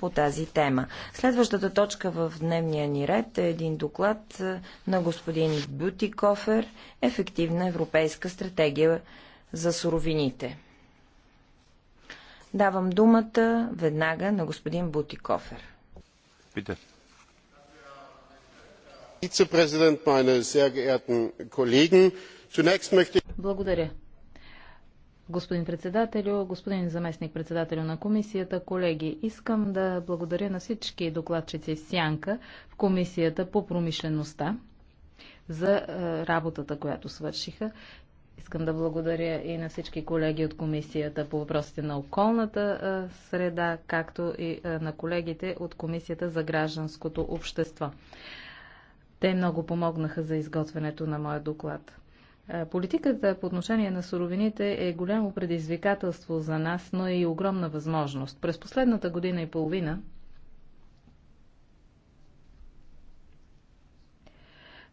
по тази тема. Следващата точка в дневния ни ред е един доклад е, на господин Бюти Кофер Ефективна европейска стратегия за суровините. Давам думата веднага на господин Бути Кофер. Питер. Благодаря. Господин председателю, господин заместник председателю на комисията, колеги, искам да благодаря на всички докладчици в Сянка в комисията по промишлеността за е, работата, която свършиха. Искам да благодаря и на всички колеги от Комисията по въпросите на околната е, среда, както и е, на колегите от Комисията за гражданското общество. Те много помогнаха за изготвянето на моя доклад. Е, политиката по отношение на суровините е голямо предизвикателство за нас, но е и огромна възможност. През последната година и половина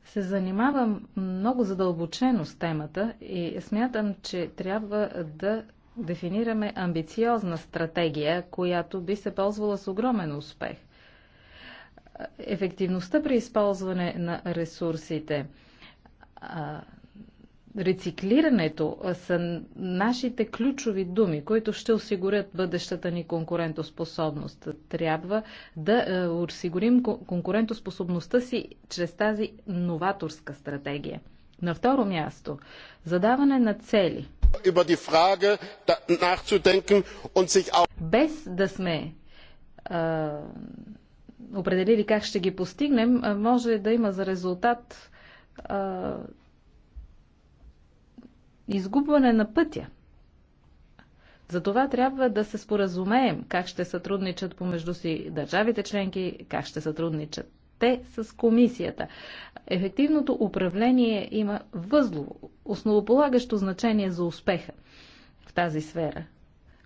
се занимавам много задълбочено с темата и смятам, че трябва да дефинираме амбициозна стратегия, която би се ползвала с огромен успех. Ефективността при използване на ресурсите, рециклирането са нашите ключови думи, които ще осигурят бъдещата ни конкурентоспособност. Трябва да осигурим конкурентоспособността си чрез тази новаторска стратегия. На второ място, задаване на цели. Без да сме а, определили как ще ги постигнем, може да има за резултат а, изгубване на пътя. Затова трябва да се споразумеем как ще сътрудничат помежду си държавите членки, как ще сътрудничат те с комисията. Ефективното управление има възлово, основополагащо значение за успеха в тази сфера.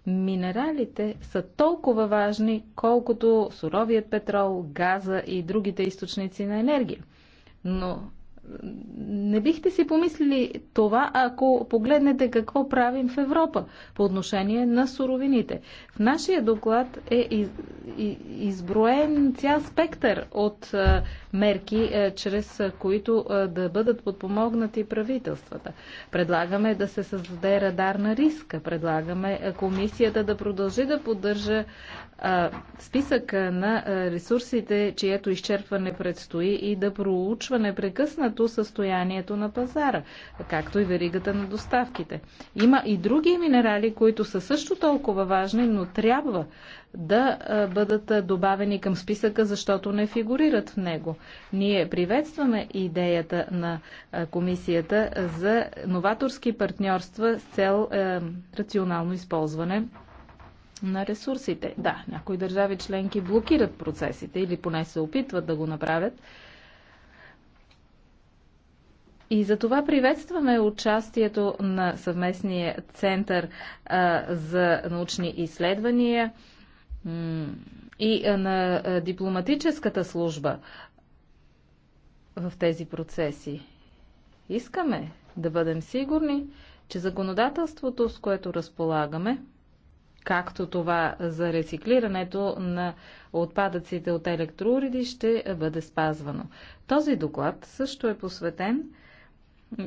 Минералите са толкова важни, колкото суровият петрол, газа и другите източници на енергия. Но не бихте си помислили това, ако погледнете какво правим в Европа по отношение на суровините. В нашия доклад е изброен цял спектър от мерки, чрез които да бъдат подпомогнати правителствата. Предлагаме да се създаде радар на риска, предлагаме комисията да продължи да поддържа списък на ресурсите, чието изчерпване предстои и да проучва непрекъснато състоянието на пазара, както и веригата на доставките. Има и други минерали, които са също толкова важни, но трябва да бъдат добавени към списъка, защото не фигурират в него. Ние приветстваме идеята на комисията за новаторски партньорства с цел рационално използване на ресурсите. Да, някои държави членки блокират процесите или поне се опитват да го направят. И за това приветстваме участието на съвместния център а, за научни изследвания и на дипломатическата служба в тези процеси. Искаме да бъдем сигурни, че законодателството, с което разполагаме, както това за рециклирането на отпадъците от електроуреди ще бъде спазвано. Този доклад също е посветен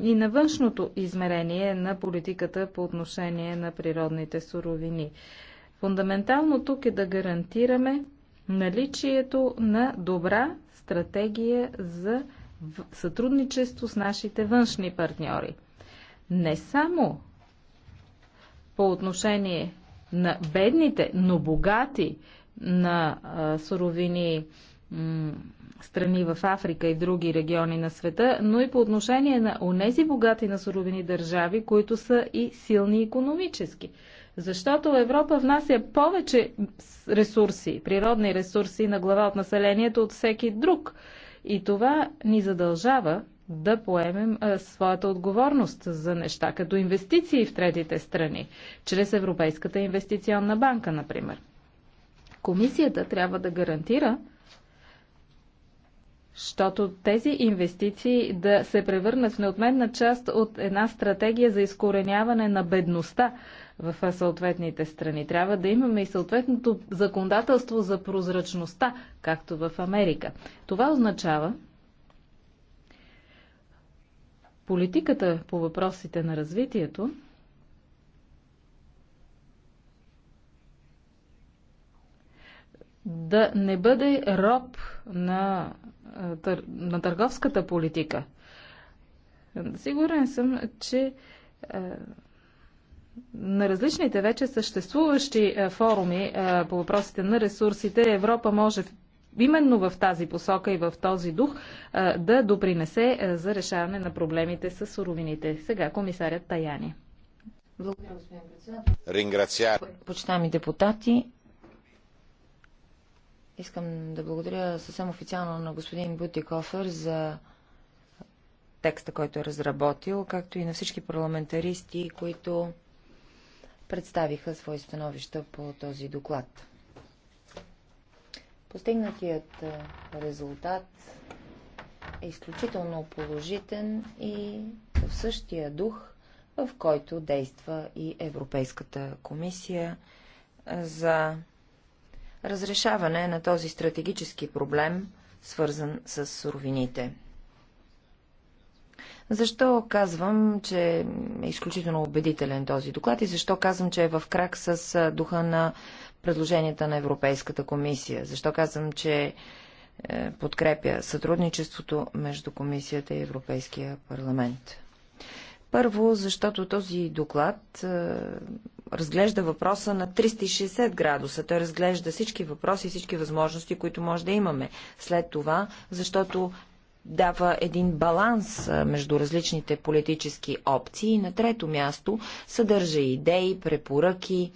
и на външното измерение на политиката по отношение на природните суровини. Фундаментално тук е да гарантираме наличието на добра стратегия за сътрудничество с нашите външни партньори. Не само по отношение на бедните, но богати на суровини страни в Африка и други региони на света, но и по отношение на онези богати на суровини държави, които са и силни економически. Защото Европа внася повече ресурси, природни ресурси на глава от населението от всеки друг. И това ни задължава да поемем а, своята отговорност за неща, като инвестиции в третите страни, чрез Европейската инвестиционна банка, например. Комисията трябва да гарантира, защото тези инвестиции да се превърнат в неотменна част от една стратегия за изкореняване на бедността в съответните страни. Трябва да имаме и съответното законодателство за прозрачността, както в Америка. Това означава, Политиката по въпросите на развитието да не бъде роб на, на търговската политика. Сигурен съм, че на различните вече съществуващи форуми по въпросите на ресурсите Европа може именно в тази посока и в този дух да допринесе за решаване на проблемите с суровините. Сега комисарят Таяни. Благодаря, господин председател. Почитаеми депутати, искам да благодаря съвсем официално на господин Бутикофер за текста, който е разработил, както и на всички парламентаристи, които представиха свои становища по този доклад. Постигнатият резултат е изключително положителен и в същия дух, в който действа и Европейската комисия за разрешаване на този стратегически проблем, свързан с суровините. Защо казвам, че е изключително убедителен този доклад и защо казвам, че е в крак с духа на предложенията на Европейската комисия. Защо казвам, че е, подкрепя сътрудничеството между комисията и Европейския парламент? Първо, защото този доклад е, разглежда въпроса на 360 градуса. Той разглежда всички въпроси, всички възможности, които може да имаме. След това, защото дава един баланс е, между различните политически опции. И на трето място съдържа идеи, препоръки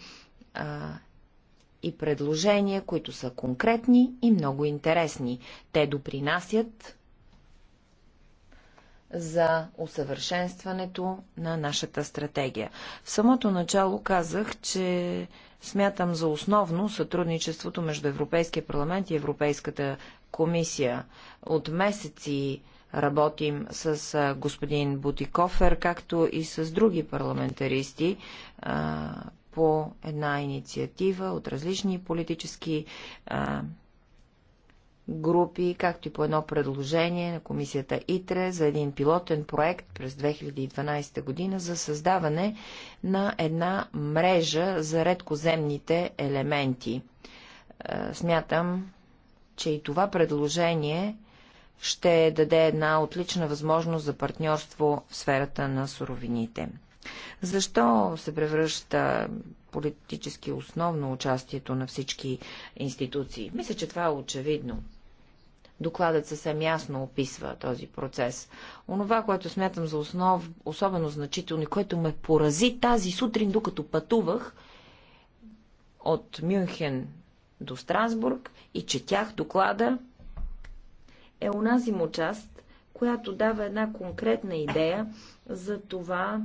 и предложения, които са конкретни и много интересни. Те допринасят за усъвършенстването на нашата стратегия. В самото начало казах, че смятам за основно сътрудничеството между Европейския парламент и Европейската комисия. От месеци работим с господин Бутикофер, както и с други парламентаристи по една инициатива от различни политически а, групи, както и по едно предложение на комисията ИТРЕ за един пилотен проект през 2012 година за създаване на една мрежа за редкоземните елементи. А, смятам, че и това предложение ще даде една отлична възможност за партньорство в сферата на суровините. Защо се превръща политически основно участието на всички институции? Мисля, че това е очевидно. Докладът съвсем ясно описва този процес. Онова, което смятам за основ, особено значително и което ме порази тази сутрин, докато пътувах от Мюнхен до Страсбург и четях доклада, е унази му част, която дава една конкретна идея за това,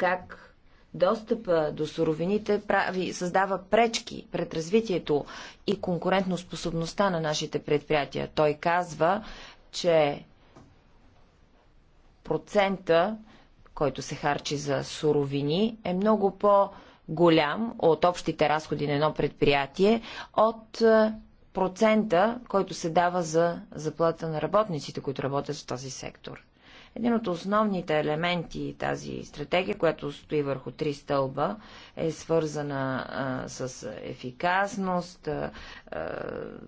как достъпа до суровините прави, създава пречки пред развитието и конкурентноспособността на нашите предприятия. Той казва, че процента, който се харчи за суровини, е много по-голям от общите разходи на едно предприятие, от е, процента, който се дава за заплата на работниците, които работят в този сектор. Един от основните елементи тази стратегия, която стои върху три стълба, е свързана а, с ефикасност, а,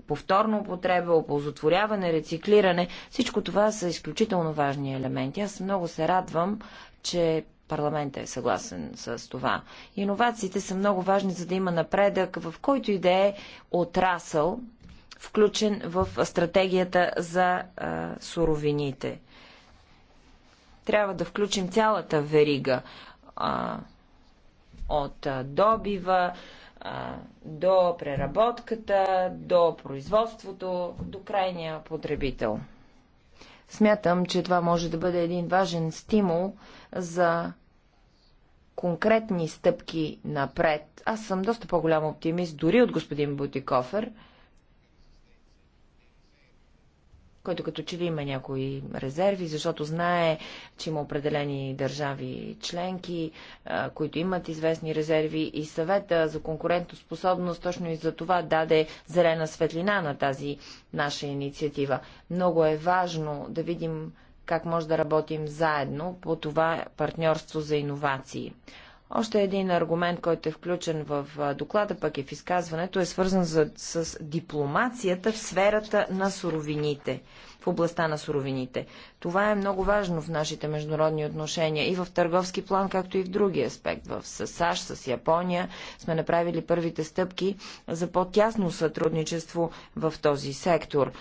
повторно употреба, оползотворяване, рециклиране. Всичко това са изключително важни елементи. Аз много се радвам, че парламентът е съгласен с това. Иновациите са много важни, за да има напредък в който и да е отрасъл, включен в стратегията за а, суровините. Трябва да включим цялата верига а, от добива а, до преработката, до производството, до крайния потребител. Смятам, че това може да бъде един важен стимул за конкретни стъпки напред. Аз съм доста по-голям оптимист, дори от господин Бутикофер – който като че ли има някои резерви, защото знае, че има определени държави членки, които имат известни резерви и съвета за конкурентоспособност точно и за това даде зелена светлина на тази наша инициатива. Много е важно да видим как може да работим заедно по това партньорство за иновации. Още един аргумент, който е включен в доклада, пък е в изказването, е свързан за, с дипломацията в сферата на суровините, в областта на суровините. Това е много важно в нашите международни отношения и в търговски план, както и в други аспект. В САЩ, с Япония сме направили първите стъпки за по-тясно сътрудничество в този сектор.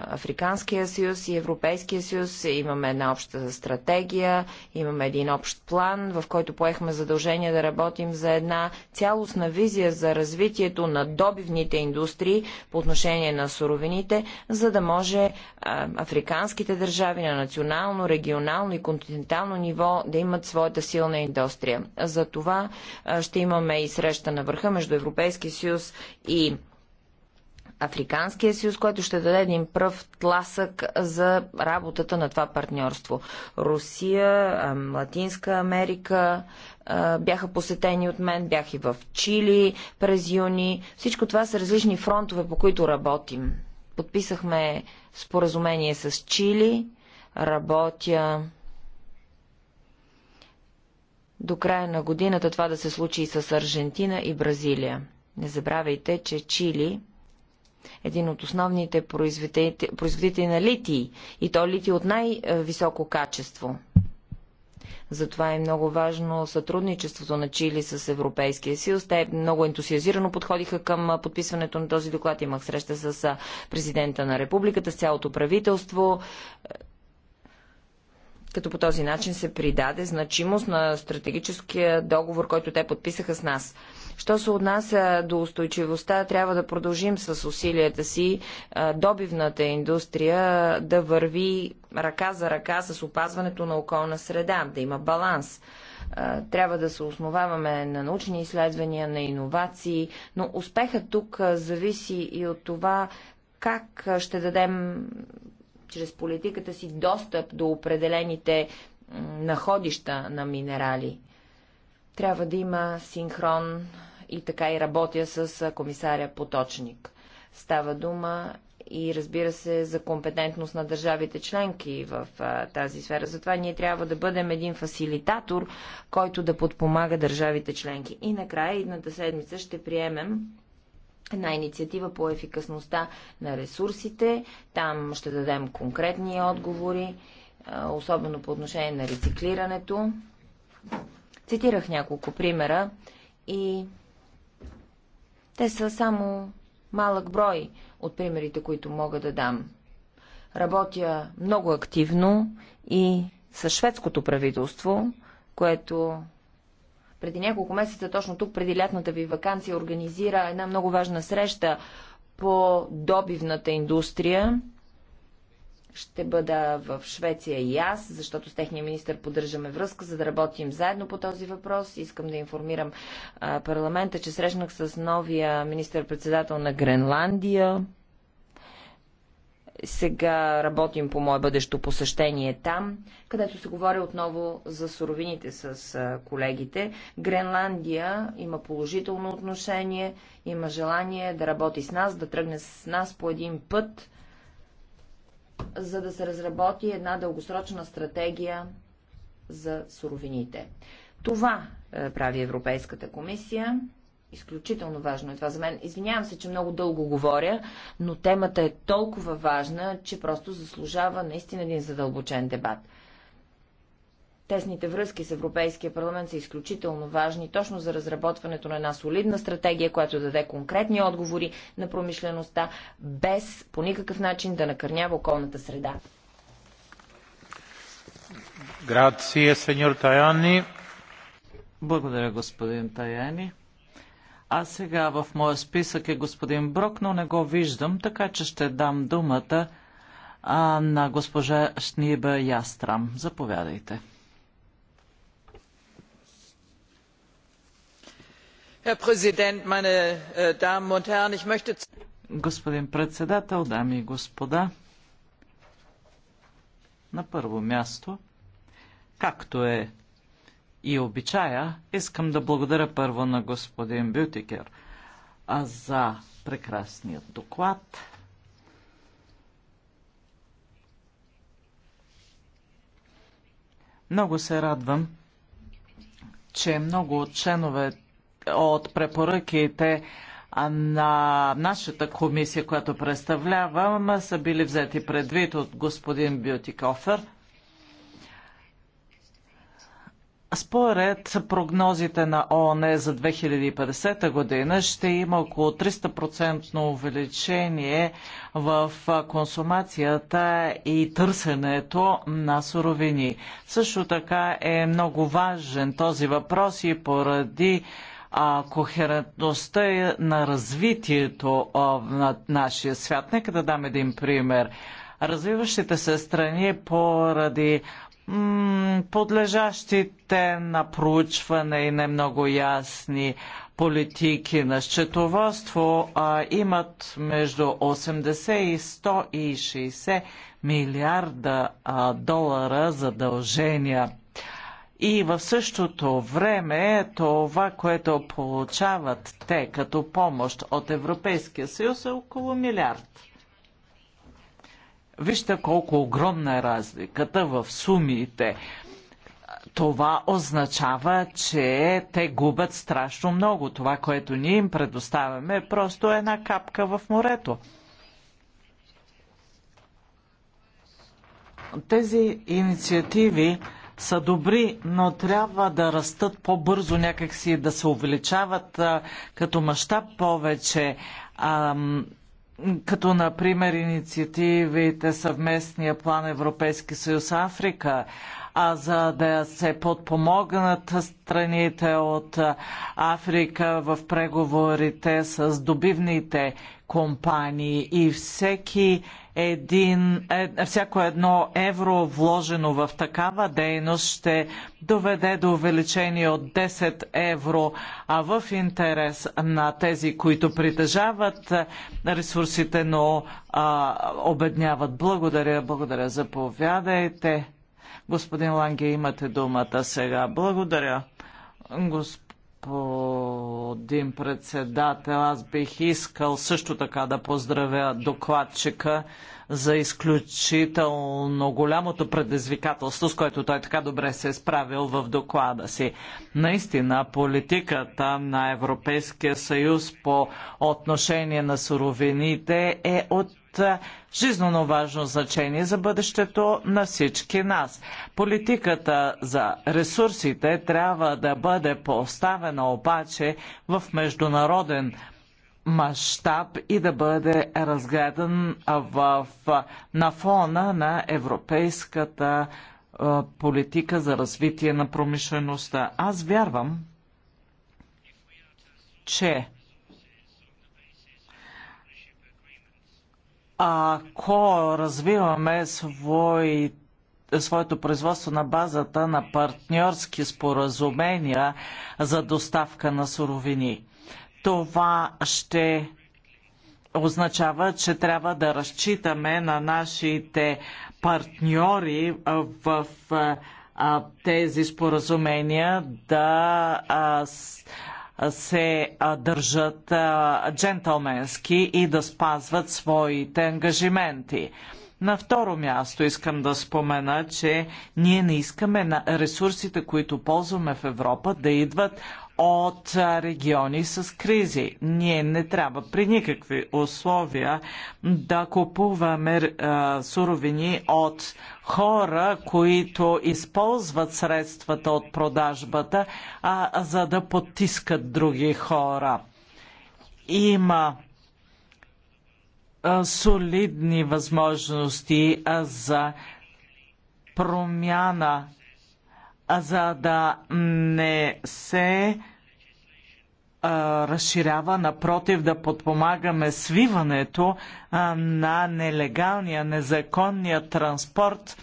Африканския съюз и Европейския съюз имаме една обща стратегия, имаме един общ план, в който поехме задължение да работим за една цялостна визия за развитието на добивните индустрии по отношение на суровините, за да може африканските държави, на национално, регионално и континентално ниво да имат своята силна индустрия. За това ще имаме и среща на върха между Европейския съюз и Африканския съюз, който ще даде един пръв тласък за работата на това партньорство. Русия, Латинска Америка бяха посетени от мен, бях и в Чили през юни. Всичко това са различни фронтове, по които работим. Подписахме споразумение с Чили работя до края на годината това да се случи и с Аржентина и Бразилия. Не забравяйте, че Чили един от основните производители, производители на литий и то литий от най-високо качество. Затова е много важно сътрудничеството на Чили с Европейския съюз. Те много ентусиазирано подходиха към подписването на този доклад. Имах среща с президента на републиката, с цялото правителство като по този начин се придаде значимост на стратегическия договор, който те подписаха с нас. Що се отнася до устойчивостта, трябва да продължим с усилията си добивната индустрия да върви ръка за ръка с опазването на околна среда, да има баланс. Трябва да се основаваме на научни изследвания, на иновации, но успехът тук зависи и от това как ще дадем чрез политиката си достъп до определените находища на минерали. Трябва да има синхрон и така и работя с комисаря Поточник. Става дума и разбира се за компетентност на държавите членки в а, тази сфера. Затова ние трябва да бъдем един фасилитатор, който да подпомага държавите членки. И накрая, едната седмица ще приемем една инициатива по ефикасността на ресурсите. Там ще дадем конкретни отговори, особено по отношение на рециклирането. Цитирах няколко примера и те са само малък брой от примерите, които мога да дам. Работя много активно и със шведското правителство, което преди няколко месеца, точно тук, преди лятната ви вакансия, организира една много важна среща по добивната индустрия. Ще бъда в Швеция и аз, защото с техния министр поддържаме връзка, за да работим заедно по този въпрос. Искам да информирам парламента, че срещнах с новия министър-председател на Гренландия сега работим по мое бъдещо посещение там, където се говори отново за суровините с колегите. Гренландия има положително отношение, има желание да работи с нас, да тръгне с нас по един път, за да се разработи една дългосрочна стратегия за суровините. Това е, прави Европейската комисия. Изключително важно е това за мен. Извинявам се, че много дълго говоря, но темата е толкова важна, че просто заслужава наистина един задълбочен дебат. Тесните връзки с Европейския парламент са изключително важни точно за разработването на една солидна стратегия, която даде конкретни отговори на промишлеността, без по никакъв начин да накърнява околната среда. Благодаря, господин Таяни. А сега в моя списък е господин Брок, но не го виждам, така че ще дам думата а, на госпожа Шниба Ястрам. Заповядайте. Herr Präsident, meine äh, Damen und Herren, ich möchte... Господин председател, дами и господа, на първо място, както е и обичая, искам да благодаря първо на господин Бютикер а за прекрасният доклад. Много се радвам, че много от членове от препоръките на нашата комисия, която представлявам, са били взети предвид от господин Бютикофер – Според прогнозите на ООН за 2050 година ще има около 300% увеличение в консумацията и търсенето на суровини. Също така е много важен този въпрос и поради а, кохерентността на развитието на нашия свят. Нека да дам един пример. Развиващите се страни поради подлежащите на проучване и не много ясни политики на счетоводство а, имат между 80 и 160 милиарда а, долара задължения. И в същото време това, което получават те като помощ от Европейския съюз е около милиард. Вижте колко огромна е разликата в сумите. Това означава, че те губят страшно много. Това, което ние им предоставяме, е просто една капка в морето. Тези инициативи са добри, но трябва да растат по-бързо някакси, да се увеличават а, като мащаб повече. А, като например инициативите съвместния план Европейски съюз Африка, а за да се подпомогнат страните от Африка в преговорите с добивните компании и всеки един, е, всяко едно евро вложено в такава дейност ще доведе до увеличение от 10 евро, а в интерес на тези, които притежават ресурсите, но а, обедняват. Благодаря, благодаря. Заповядайте. Господин Ланге, имате думата сега. Благодаря. Господин господин председател. Аз бих искал също така да поздравя докладчика за изключително голямото предизвикателство, с което той така добре се е справил в доклада си. Наистина, политиката на Европейския съюз по отношение на суровините е от е, жизненно важно значение за бъдещето на всички нас. Политиката за ресурсите трябва да бъде поставена обаче в международен мащаб и да бъде разгледан в, на фона на европейската е, политика за развитие на промишлеността. Аз вярвам, че ако развиваме своето производство на базата на партньорски споразумения за доставка на суровини. Това ще означава, че трябва да разчитаме на нашите партньори в тези споразумения да се държат джентълменски и да спазват своите ангажименти. На второ място искам да спомена, че ние не искаме ресурсите, които ползваме в Европа, да идват от региони с кризи. Ние не трябва при никакви условия да купуваме суровини от хора, които използват средствата от продажбата, а за да потискат други хора. Има солидни възможности за промяна за да не се а, разширява, напротив да подпомагаме свиването а, на нелегалния, незаконния транспорт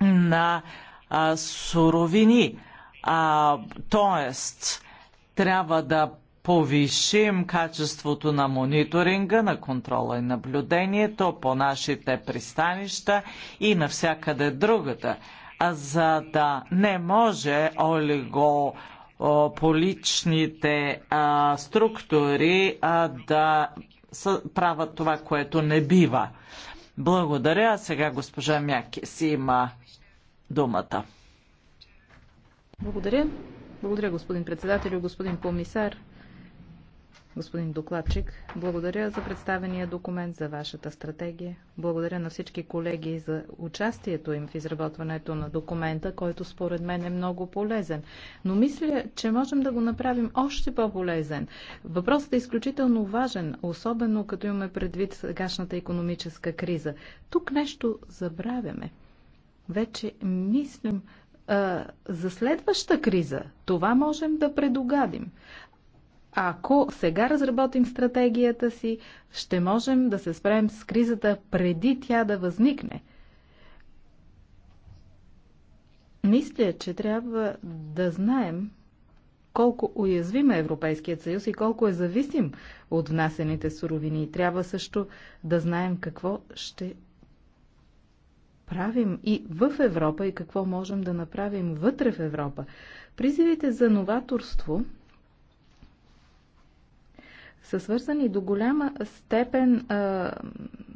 на а, суровини. А, тоест, трябва да повишим качеството на мониторинга, на контрола и наблюдението по нашите пристанища и навсякъде другата за да не може олиго поличните а, структури а, да правят това, което не бива. Благодаря. А сега госпожа си има думата. Благодаря. Благодаря, господин председател, господин комисар господин докладчик. Благодаря за представения документ, за вашата стратегия. Благодаря на всички колеги за участието им в изработването на документа, който според мен е много полезен. Но мисля, че можем да го направим още по-полезен. Въпросът е изключително важен, особено като имаме предвид сегашната економическа криза. Тук нещо забравяме. Вече мислим за следваща криза. Това можем да предогадим. Ако сега разработим стратегията си, ще можем да се справим с кризата преди тя да възникне. Мисля, че трябва да знаем колко уязвим е Европейският съюз и колко е зависим от внасените суровини. Трябва също да знаем какво ще правим и в Европа и какво можем да направим вътре в Европа. Призивите за новаторство са свързани до голяма степен а,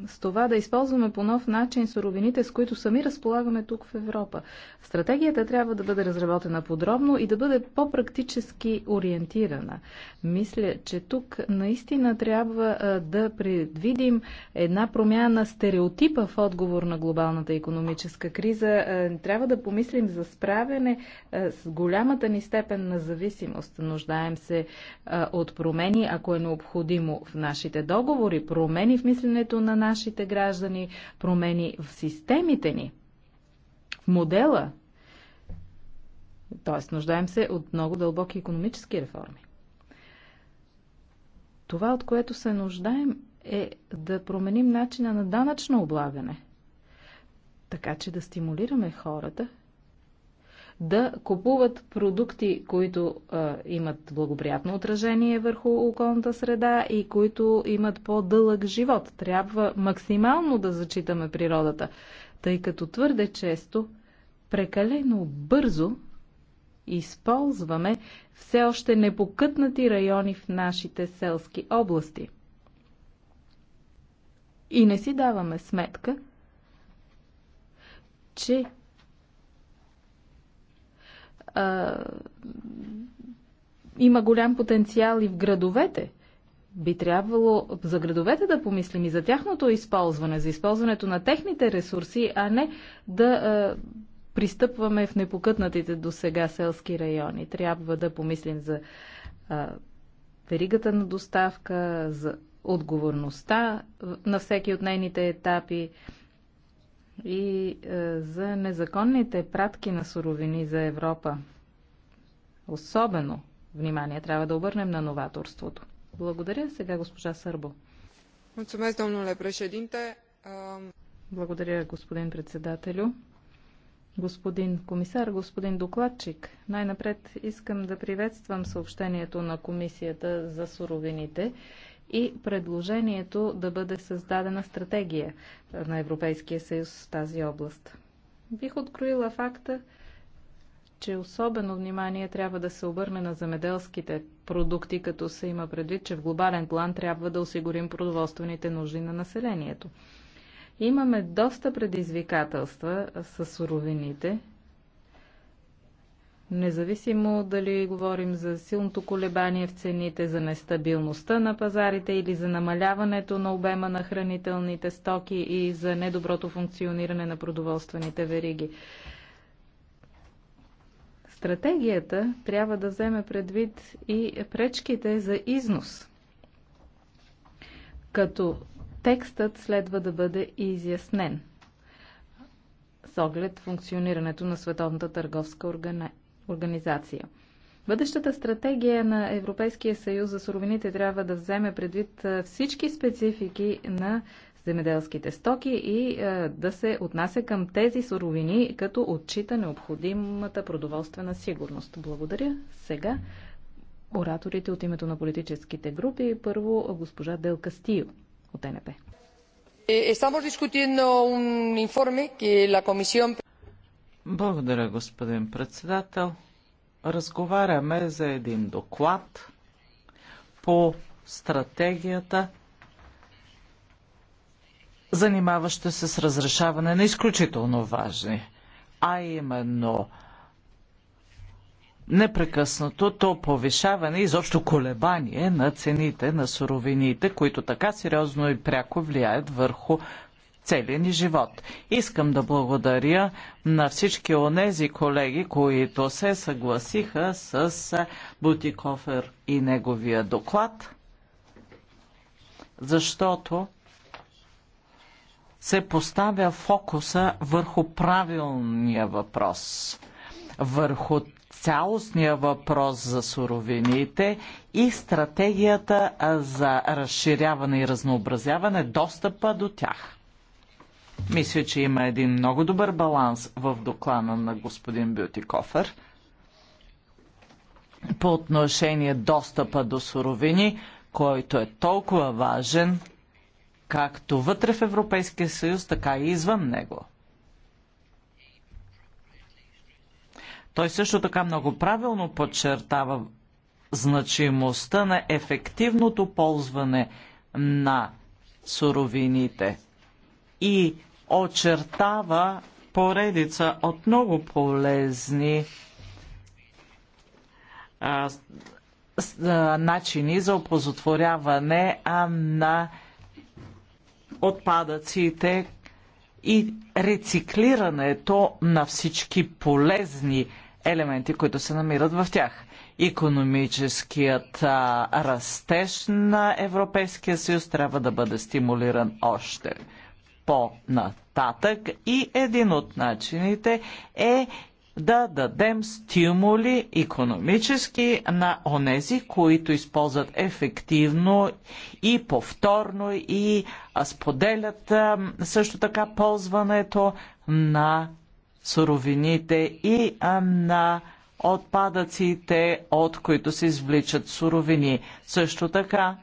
с това да използваме по нов начин суровините, с които сами разполагаме тук в Европа. Стратегията трябва да бъде разработена подробно и да бъде по-практически ориентирана. Мисля, че тук наистина трябва а, да предвидим една промяна стереотипа в отговор на глобалната економическа криза. А, трябва да помислим за справяне а, с голямата ни степен на зависимост. Нуждаем се а, от промени, ако е необходимо необходимо в нашите договори, промени в мисленето на нашите граждани, промени в системите ни, в модела. Тоест, нуждаем се от много дълбоки економически реформи. Това, от което се нуждаем, е да променим начина на данъчно облагане, така че да стимулираме хората – да купуват продукти, които а, имат благоприятно отражение върху околната среда и които имат по-дълъг живот. Трябва максимално да зачитаме природата, тъй като твърде често, прекалено бързо използваме все още непокътнати райони в нашите селски области. И не си даваме сметка, че а, има голям потенциал и в градовете. Би трябвало за градовете да помислим и за тяхното използване, за използването на техните ресурси, а не да а, пристъпваме в непокътнатите до сега селски райони. Трябва да помислим за а, веригата на доставка, за отговорността на всеки от нейните етапи, и е, за незаконните пратки на суровини за Европа. Особено внимание трябва да обърнем на новаторството. Благодаря. Сега госпожа Сърбо. Благодаря, господин председателю. Господин комисар, господин докладчик, най-напред искам да приветствам съобщението на Комисията за суровините и предложението да бъде създадена стратегия на Европейския съюз в тази област. Бих откроила факта, че особено внимание трябва да се обърне на земеделските продукти, като се има предвид, че в глобален план трябва да осигурим продоволствените нужди на населението. Имаме доста предизвикателства с суровините, Независимо дали говорим за силното колебание в цените, за нестабилността на пазарите или за намаляването на обема на хранителните стоки и за недоброто функциониране на продоволствените вериги. Стратегията трябва да вземе предвид и пречките за износ, като текстът следва да бъде изяснен с оглед функционирането на Световната търговска организация организация. Бъдещата стратегия на Европейския съюз за суровините трябва да вземе предвид всички специфики на земеделските стоки и да се отнася към тези суровини, като отчита необходимата продоволствена сигурност. Благодаря. Сега ораторите от името на политическите групи. Първо госпожа Дел Кастио от НП. Е, е, estamos discutiendo un informe que la Comisión благодаря, господин председател. Разговаряме за един доклад по стратегията, занимаваща се с разрешаване на изключително важни, а именно непрекъснатото повишаване, и изобщо колебание на цените на суровините, които така сериозно и пряко влияят върху целия ни живот. Искам да благодаря на всички онези колеги, които се съгласиха с Бутикофер и неговия доклад, защото се поставя фокуса върху правилния въпрос, върху цялостния въпрос за суровините и стратегията за разширяване и разнообразяване достъпа до тях. Мисля, че има един много добър баланс в доклана на господин Бютикофер по отношение достъпа до суровини, който е толкова важен, както вътре в Европейския съюз, така и извън него. Той също така много правилно подчертава значимостта на ефективното ползване на суровините – и очертава поредица от много полезни а, с, а, начини за опозотворяване а, на отпадъците и рециклирането на всички полезни елементи, които се намират в тях. Економическият а, растеж на Европейския съюз трябва да бъде стимулиран още по-нататък и един от начините е да дадем стимули економически на онези, които използват ефективно и повторно и споделят също така ползването на суровините и на отпадъците, от които се извличат суровини. Също така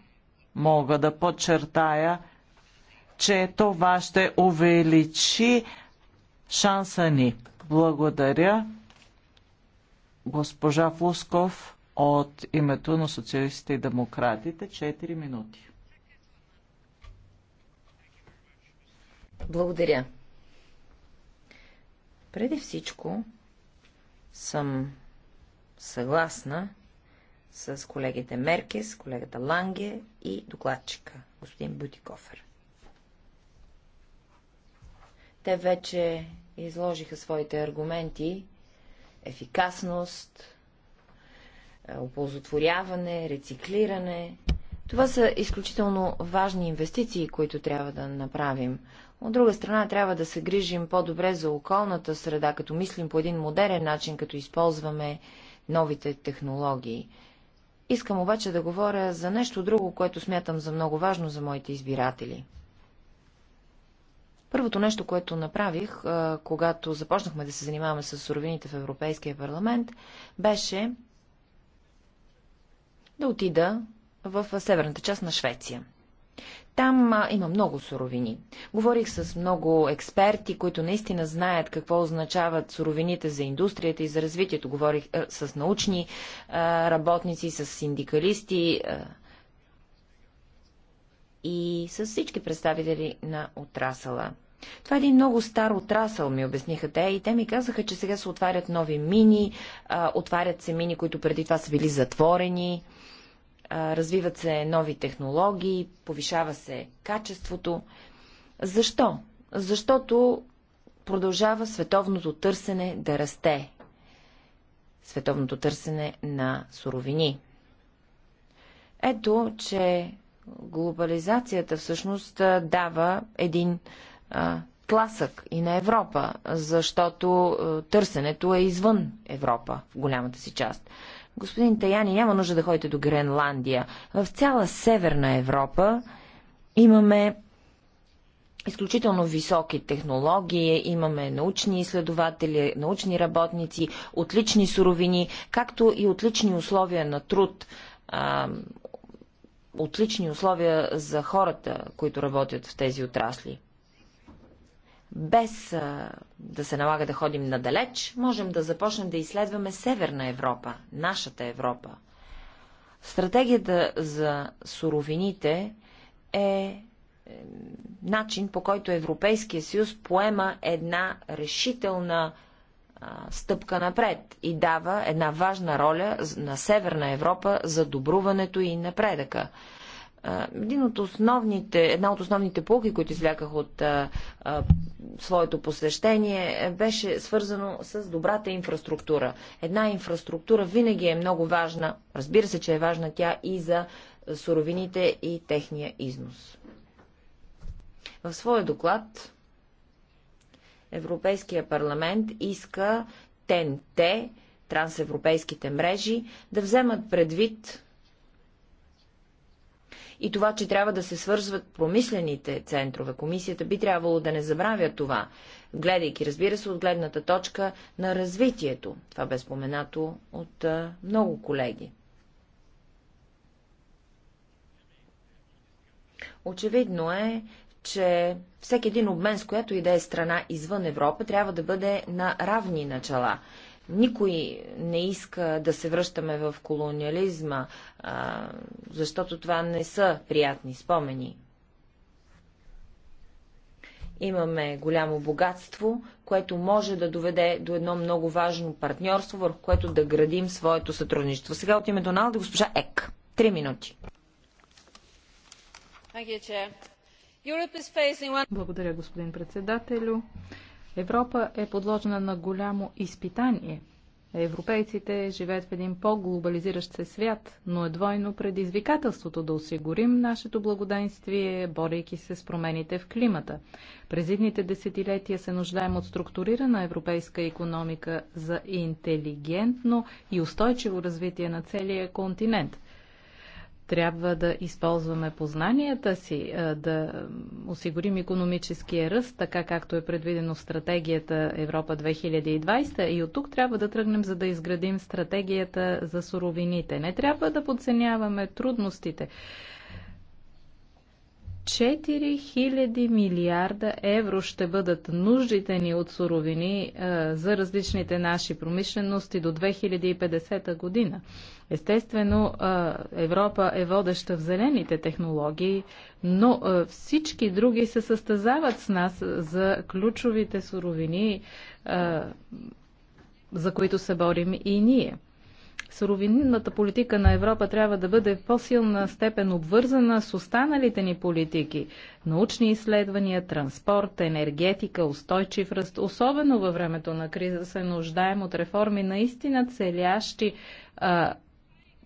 мога да подчертая – че това ще увеличи шанса ни. Благодаря госпожа Флусков от името на социалистите и демократите. 4 минути. Благодаря. Преди всичко съм съгласна с колегите Меркес, колегата Ланге и докладчика, господин Бутикофер. Те вече изложиха своите аргументи – ефикасност, е, оползотворяване, рециклиране. Това са изключително важни инвестиции, които трябва да направим. От друга страна, трябва да се грижим по-добре за околната среда, като мислим по един модерен начин, като използваме новите технологии. Искам обаче да говоря за нещо друго, което смятам за много важно за моите избиратели – Първото нещо, което направих, когато започнахме да се занимаваме с суровините в Европейския парламент, беше да отида в северната част на Швеция. Там има много суровини. Говорих с много експерти, които наистина знаят какво означават суровините за индустрията и за развитието. Говорих с научни работници, с синдикалисти, и с всички представители на отрасъла. Това е един много стар отрасъл, ми обясниха те, и те ми казаха, че сега се отварят нови мини, а, отварят се мини, които преди това са били затворени, а, развиват се нови технологии, повишава се качеството. Защо? Защото продължава световното търсене да расте. Световното търсене на суровини. Ето, че глобализацията всъщност дава един тласък и на Европа, защото търсенето е извън Европа в голямата си част. Господин Таяни, няма нужда да ходите до Гренландия. В цяла Северна Европа имаме изключително високи технологии, имаме научни изследователи, научни работници, отлични суровини, както и отлични условия на труд отлични условия за хората, които работят в тези отрасли. Без а, да се налага да ходим надалеч, можем да започнем да изследваме Северна Европа, нашата Европа. Стратегията за суровините е, е начин, по който Европейския съюз поема една решителна стъпка напред и дава една важна роля на Северна Европа за добруването и напредъка. Един от основните, една от основните полки, които извляках от а, а, своето посвещение, е, беше свързано с добрата инфраструктура. Една инфраструктура винаги е много важна, разбира се, че е важна тя и за суровините и техния износ. В своя доклад Европейския парламент иска ТНТ, трансевропейските мрежи, да вземат предвид и това, че трябва да се свързват промислените центрове. Комисията би трябвало да не забравя това, гледайки, разбира се, от гледната точка на развитието. Това бе споменато от а, много колеги. Очевидно е, че всеки един обмен с която и да е страна извън Европа трябва да бъде на равни начала. Никой не иска да се връщаме в колониализма, а, защото това не са приятни спомени. Имаме голямо богатство, което може да доведе до едно много важно партньорство, върху което да градим своето сътрудничество. Сега от името на госпожа Ек. Три минути. Thank you, благодаря, господин председателю. Европа е подложена на голямо изпитание. Европейците живеят в един по-глобализиращ се свят, но е двойно предизвикателството да осигурим нашето благоденствие, борейки се с промените в климата. През едните десетилетия се нуждаем от структурирана европейска економика за интелигентно и устойчиво развитие на целия континент – трябва да използваме познанията си, е, да осигурим економическия ръст, така както е предвидено в стратегията Европа 2020 и от тук трябва да тръгнем за да изградим стратегията за суровините. Не трябва да подценяваме трудностите. 4000 милиарда евро ще бъдат нуждите ни от суровини а, е, за различните наши промишлености до 2050 година. Естествено, Европа е водеща в зелените технологии, но всички други се състезават с нас за ключовите суровини, за които се борим и ние. Суровинната политика на Европа трябва да бъде в по-силна степен обвързана с останалите ни политики – научни изследвания, транспорт, енергетика, устойчив ръст. Особено във времето на криза се нуждаем от реформи, наистина целящи а,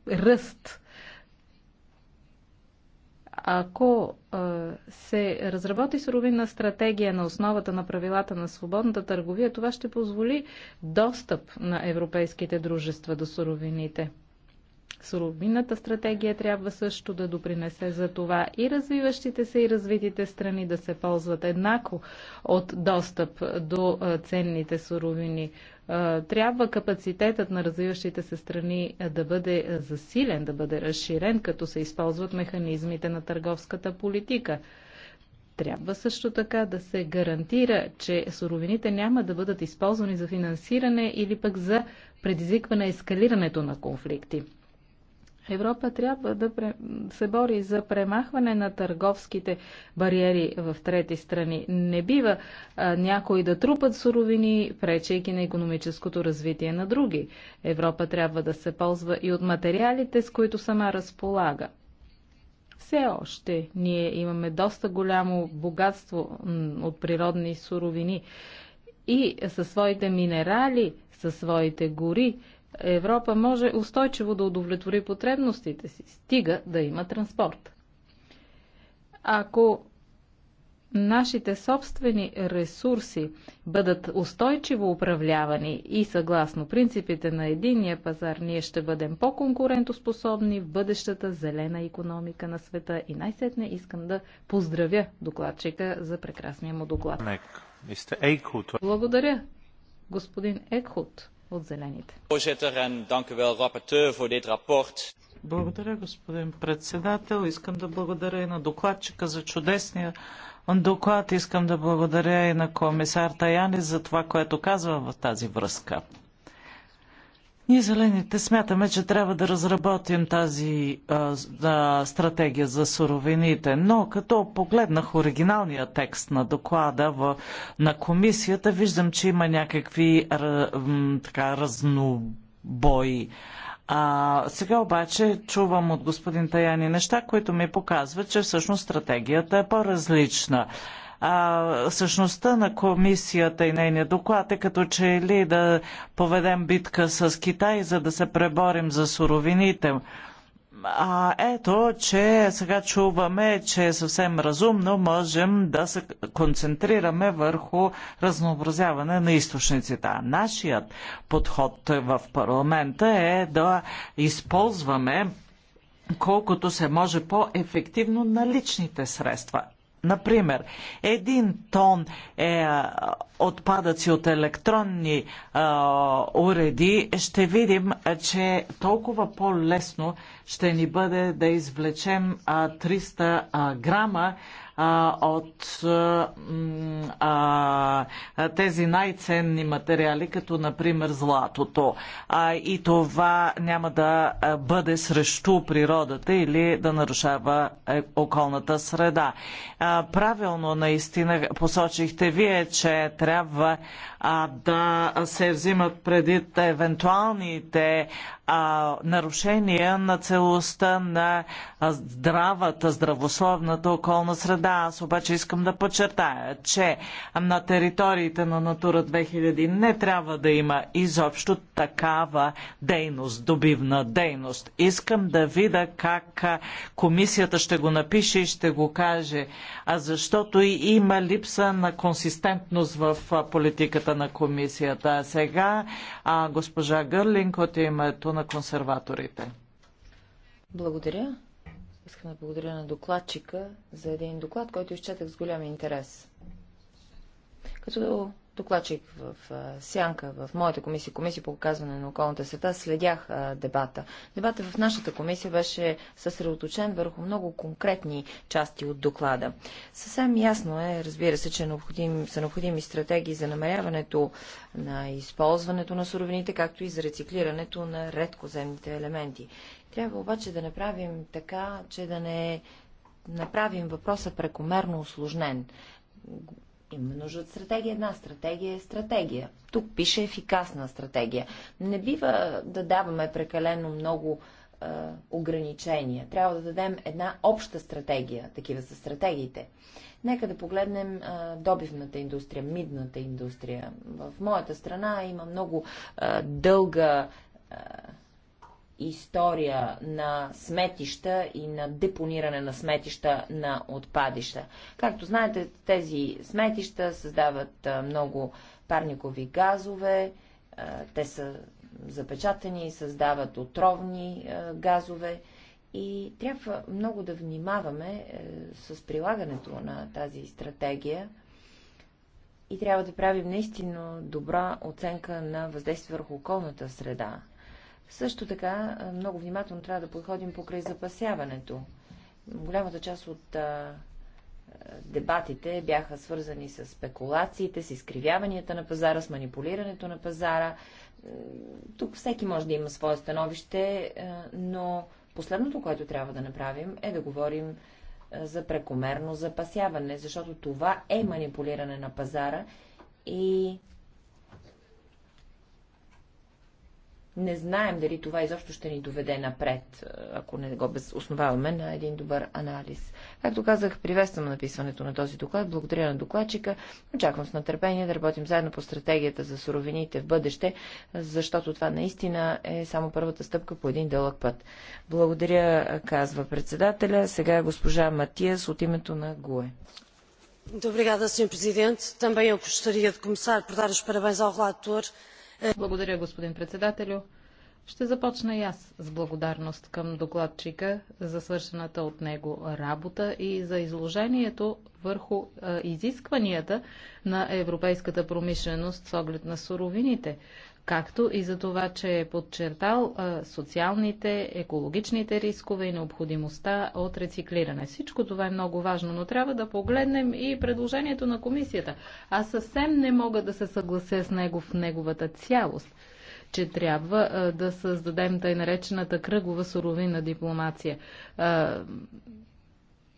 ръст. Ако се разработи суровинна стратегия на основата на правилата на свободната търговия, това ще позволи достъп на европейските дружества до суровините. Суровинната стратегия трябва също да допринесе за това и развиващите се и развитите страни да се ползват еднакво от достъп до ценните суровини трябва капацитетът на развиващите се страни да бъде засилен, да бъде разширен, като се използват механизмите на търговската политика. Трябва също така да се гарантира, че суровините няма да бъдат използвани за финансиране или пък за предизвикване ескалирането на конфликти. Европа трябва да се бори за премахване на търговските бариери в трети страни. Не бива а, някои да трупат суровини, пречейки на економическото развитие на други. Европа трябва да се ползва и от материалите, с които сама разполага. Все още ние имаме доста голямо богатство от природни суровини и със своите минерали, със своите гори Европа може устойчиво да удовлетвори потребностите си, стига да има транспорт. Ако нашите собствени ресурси бъдат устойчиво управлявани и съгласно принципите на единния пазар, ние ще бъдем по-конкурентоспособни в бъдещата зелена економика на света. И най-сетне искам да поздравя докладчика за прекрасния му доклад. Благодаря, господин Екхут от Зелените. Благодаря, господин председател. Искам да благодаря и на докладчика за чудесния доклад. Искам да благодаря и на комисар Таяни за това, което казва в тази връзка. Ние зелените смятаме, че трябва да разработим тази а, а, стратегия за суровините, но като погледнах оригиналния текст на доклада в, на комисията, виждам, че има някакви така, разнобои. А, сега обаче чувам от господин Таяни неща, които ми показват, че всъщност стратегията е по-различна а, същността на комисията и нейния доклад е като че ли да поведем битка с Китай, за да се преборим за суровините. А ето, че сега чуваме, че е съвсем разумно можем да се концентрираме върху разнообразяване на източниците. А нашият подход в парламента е да използваме колкото се може по-ефективно наличните средства. Например, един тон е, отпадъци от електронни е, уреди, ще видим, че е толкова по-лесно ще ни бъде да извлечем 300 грама от тези най-ценни материали, като например златото. И това няма да бъде срещу природата или да нарушава е, околната среда. Правилно наистина посочихте вие, че трябва да се взимат преди евентуалните а, нарушения на целостта на здравата, здравословната околна среда. Аз обаче искам да подчертая, че на териториите на Натура 2000 не трябва да има изобщо такава дейност, добивна дейност. Искам да видя как комисията ще го напише и ще го каже, а защото и има липса на консистентност в политиката на комисията. А сега а, госпожа Гърлинг от името на консерваторите. Благодаря. Искам да благодаря на докладчика за един доклад, който изчетах с голям интерес. Като докладчик в Сянка, в моята комисия, комисия по оказване на околната света, следях дебата. Дебата в нашата комисия беше съсредоточен върху много конкретни части от доклада. Съвсем ясно е, разбира се, че е необходим, са необходими стратегии за намеряването на използването на суровините, както и за рециклирането на редкоземните елементи. Трябва обаче да направим така, че да не направим въпроса прекомерно осложнен Имаме нужда от стратегия. Една стратегия е стратегия. Тук пише ефикасна стратегия. Не бива да даваме прекалено много е, ограничения. Трябва да дадем една обща стратегия. Такива са стратегиите. Нека да погледнем е, добивната индустрия, мидната индустрия. В моята страна има много е, дълга. Е, история на сметища и на депониране на сметища на отпадища. Както знаете, тези сметища създават много парникови газове, те са запечатани, създават отровни газове и трябва много да внимаваме е, с прилагането на тази стратегия и трябва да правим наистина добра оценка на въздействие върху околната среда също така, много внимателно трябва да подходим покрай запасяването. Голямата част от а, дебатите бяха свързани с спекулациите, с изкривяванията на пазара, с манипулирането на пазара. Тук всеки може да има свое становище, но последното, което трябва да направим, е да говорим за прекомерно запасяване, защото това е манипулиране на пазара и не знаем дали това изобщо ще ни доведе напред, ако не го основаваме на един добър анализ. Както казах, приветствам написването на този доклад, благодаря на докладчика, очаквам с натърпение да работим заедно по стратегията за суровините в бъдеще, защото това наистина е само първата стъпка по един дълъг път. Благодаря, казва председателя. Сега е госпожа Матиас от името на ГУЕ. Muito obrigada, Sr. Presidente. Também eu gostaria de começar por dar os parabéns ao relator е, благодаря, господин председателю. Ще започна и аз с благодарност към докладчика за свършената от него работа и за изложението върху е, изискванията на европейската промишленост с оглед на суровините както и за това, че е подчертал социалните, екологичните рискове и необходимостта от рециклиране. Всичко това е много важно, но трябва да погледнем и предложението на комисията. Аз съвсем не мога да се съглася с него в неговата цялост че трябва а, да създадем тъй наречената кръгова суровина дипломация. А,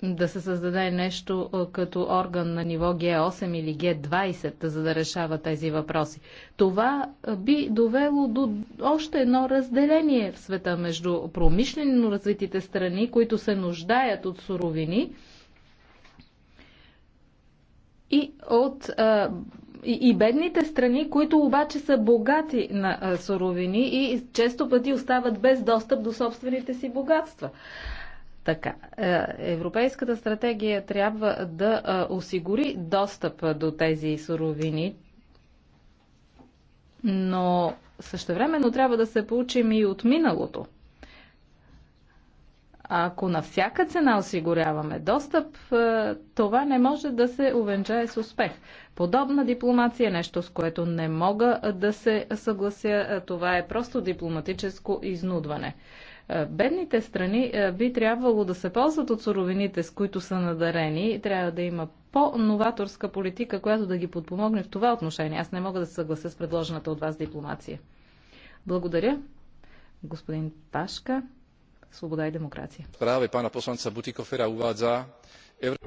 да се създаде нещо като орган на ниво Г8 или Г20, за да решава тези въпроси. Това би довело до още едно разделение в света между промишлено развитите страни, които се нуждаят от суровини и от и бедните страни, които обаче са богати на суровини и често пъти остават без достъп до собствените си богатства. Така, е, Европейската стратегия трябва да е, осигури достъп до тези суровини, но същевременно трябва да се получим и от миналото. Ако на всяка цена осигуряваме достъп, е, това не може да се увенчае с успех. Подобна дипломация е нещо, с което не мога да се съглася. Това е просто дипломатическо изнудване. Е, бедните страни е, би трябвало да се ползват от суровините, с които са надарени. Трябва да има по-новаторска политика, която да ги подпомогне в това отношение. Аз не мога да се съглася с предложената от вас дипломация. Благодаря. Господин Пашка, Свобода и демокрация. Práve pána poslanca Butikofera Евро...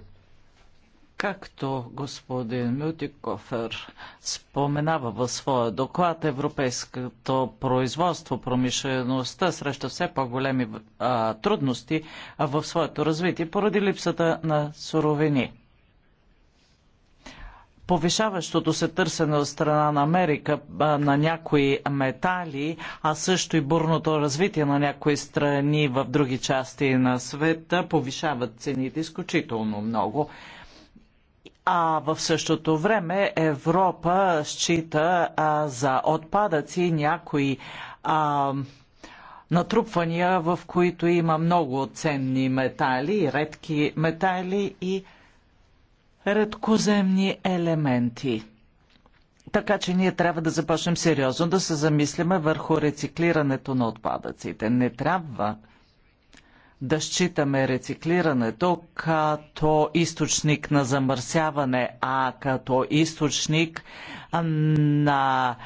Както господин Мютикофер споменава в своя доклад, европейското производство, промишлеността среща все по-големи трудности а в своето развитие поради липсата на суровини. Повишаващото се търсене от страна на Америка а, на някои метали, а също и бурното развитие на някои страни в други части на света повишават цените изключително много а в същото време Европа счита а, за отпадъци някои а, натрупвания, в които има много ценни метали, редки метали и редкоземни елементи. Така че ние трябва да започнем сериозно да се замислиме върху рециклирането на отпадъците. Не трябва да считаме рециклирането като източник на замърсяване, а като източник на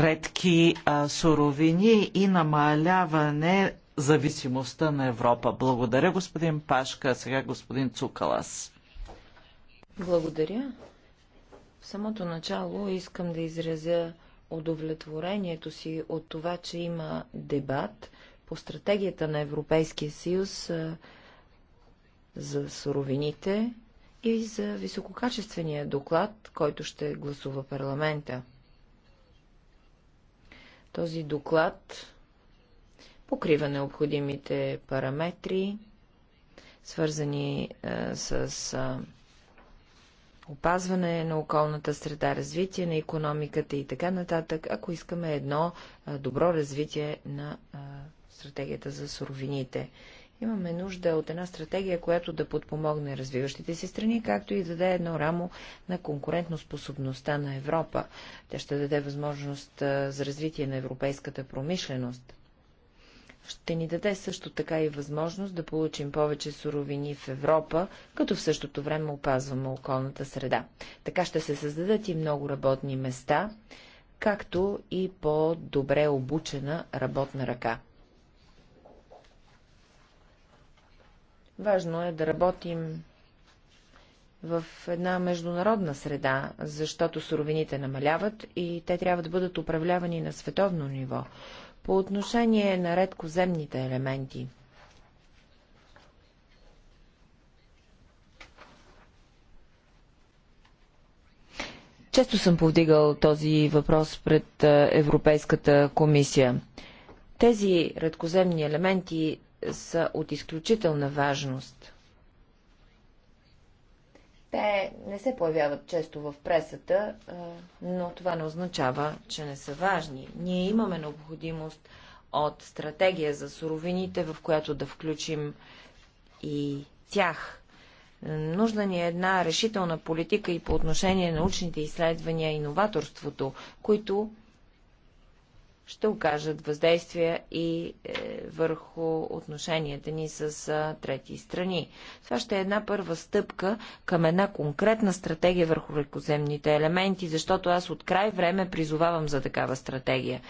редки суровини и намаляване зависимостта на Европа. Благодаря, господин Пашка. Сега господин Цукалас. Благодаря. В самото начало искам да изразя удовлетворението си от това, че има дебат по стратегията на Европейския съюз за суровините и за висококачествения доклад, който ще гласува парламента. Този доклад покрива необходимите параметри, свързани с опазване на околната среда, развитие на економиката и така нататък, ако искаме едно добро развитие на стратегията за суровините. Имаме нужда от една стратегия, която да подпомогне развиващите си страни, както и да даде едно рамо на конкурентноспособността на Европа. Тя ще даде възможност за развитие на европейската промишленост. Ще ни даде също така и възможност да получим повече суровини в Европа, като в същото време опазваме околната среда. Така ще се създадат и много работни места, както и по-добре обучена работна ръка. Важно е да работим в една международна среда, защото суровините намаляват и те трябва да бъдат управлявани на световно ниво. По отношение на редкоземните елементи. Често съм повдигал този въпрос пред е, Европейската комисия. Тези редкоземни елементи са от изключителна важност. Те не се появяват често в пресата, но това не означава, че не са важни. Ние имаме необходимост от стратегия за суровините, в която да включим и тях. Нужна ни е една решителна политика и по отношение на научните изследвания и новаторството, които ще окажат въздействие и е, върху отношенията ни с трети страни. Това ще е една първа стъпка към една конкретна стратегия върху рекоземните елементи, защото аз от край време призовавам за такава стратегия.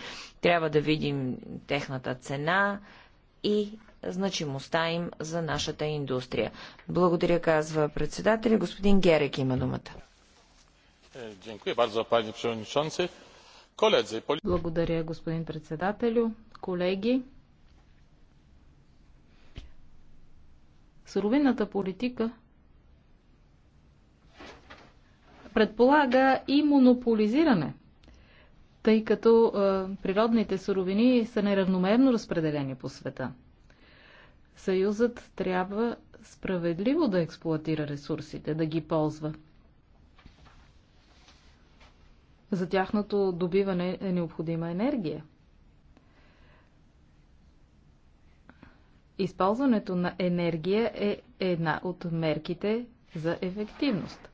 Трябва да видим техната цена и значимостта им за нашата индустрия. Благодаря, казва председателя. Господин Герек има думата. Е, Благодаря, bardzo, председател. Благодаря, господин председателю. Колеги, суровинната политика предполага и монополизиране, тъй като е, природните суровини са неравномерно разпределени по света. Съюзът трябва справедливо да експлуатира ресурсите, да ги ползва – за тяхното добиване е необходима енергия. Използването на енергия е една от мерките за ефективност.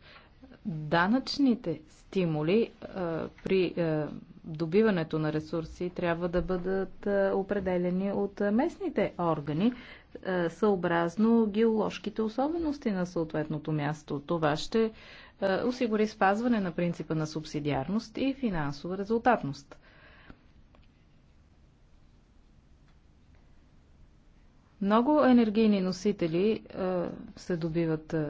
Данъчните стимули а, е, при а, е, добиването на ресурси трябва да бъдат а, е, определени от местните органи а, съобразно геоложките особености на съответното място. Това ще е, осигури спазване на принципа на субсидиарност и финансова резултатност. Много енергийни носители е, се добиват е,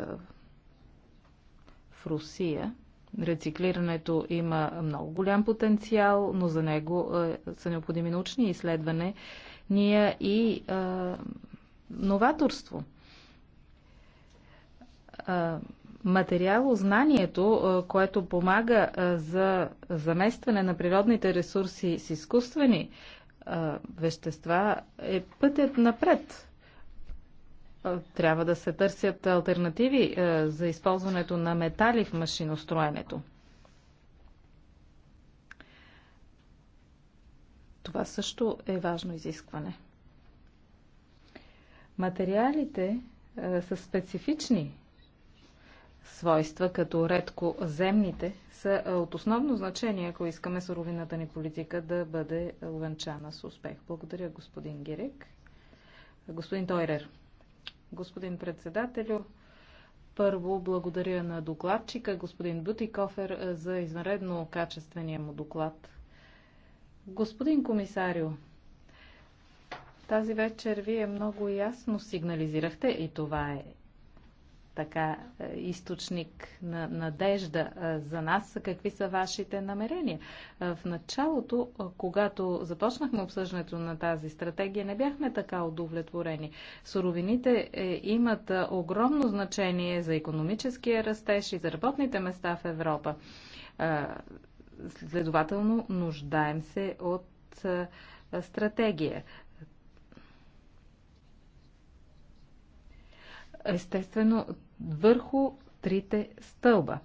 в Русия. Рециклирането има много голям потенциал, но за него са необходими научни изследвания и новаторство Материал знанието, е, което помага е, за заместване на природните ресурси с изкуствени е, вещества, е пътят напред. Трябва да се търсят альтернативи за използването на метали в машиностроенето. Това също е важно изискване. Материалите са специфични свойства, като редко земните са от основно значение, ако искаме суровината ни политика да бъде увенчана с успех. Благодаря, господин Гирек. Господин Тойрер. Господин председателю, първо благодаря на докладчика, господин Бутикофер, за извънредно качествения му доклад. Господин комисарио, тази вечер вие много ясно сигнализирахте, и това е така е, източник на надежда е, за нас. Какви са вашите намерения? Е, в началото, когато започнахме обсъждането на тази стратегия, не бяхме така удовлетворени. Суровините имат огромно значение за економическия растеж и за работните места в Европа. Следователно, нуждаем се от стратегия. Естествено, върху трите стълба.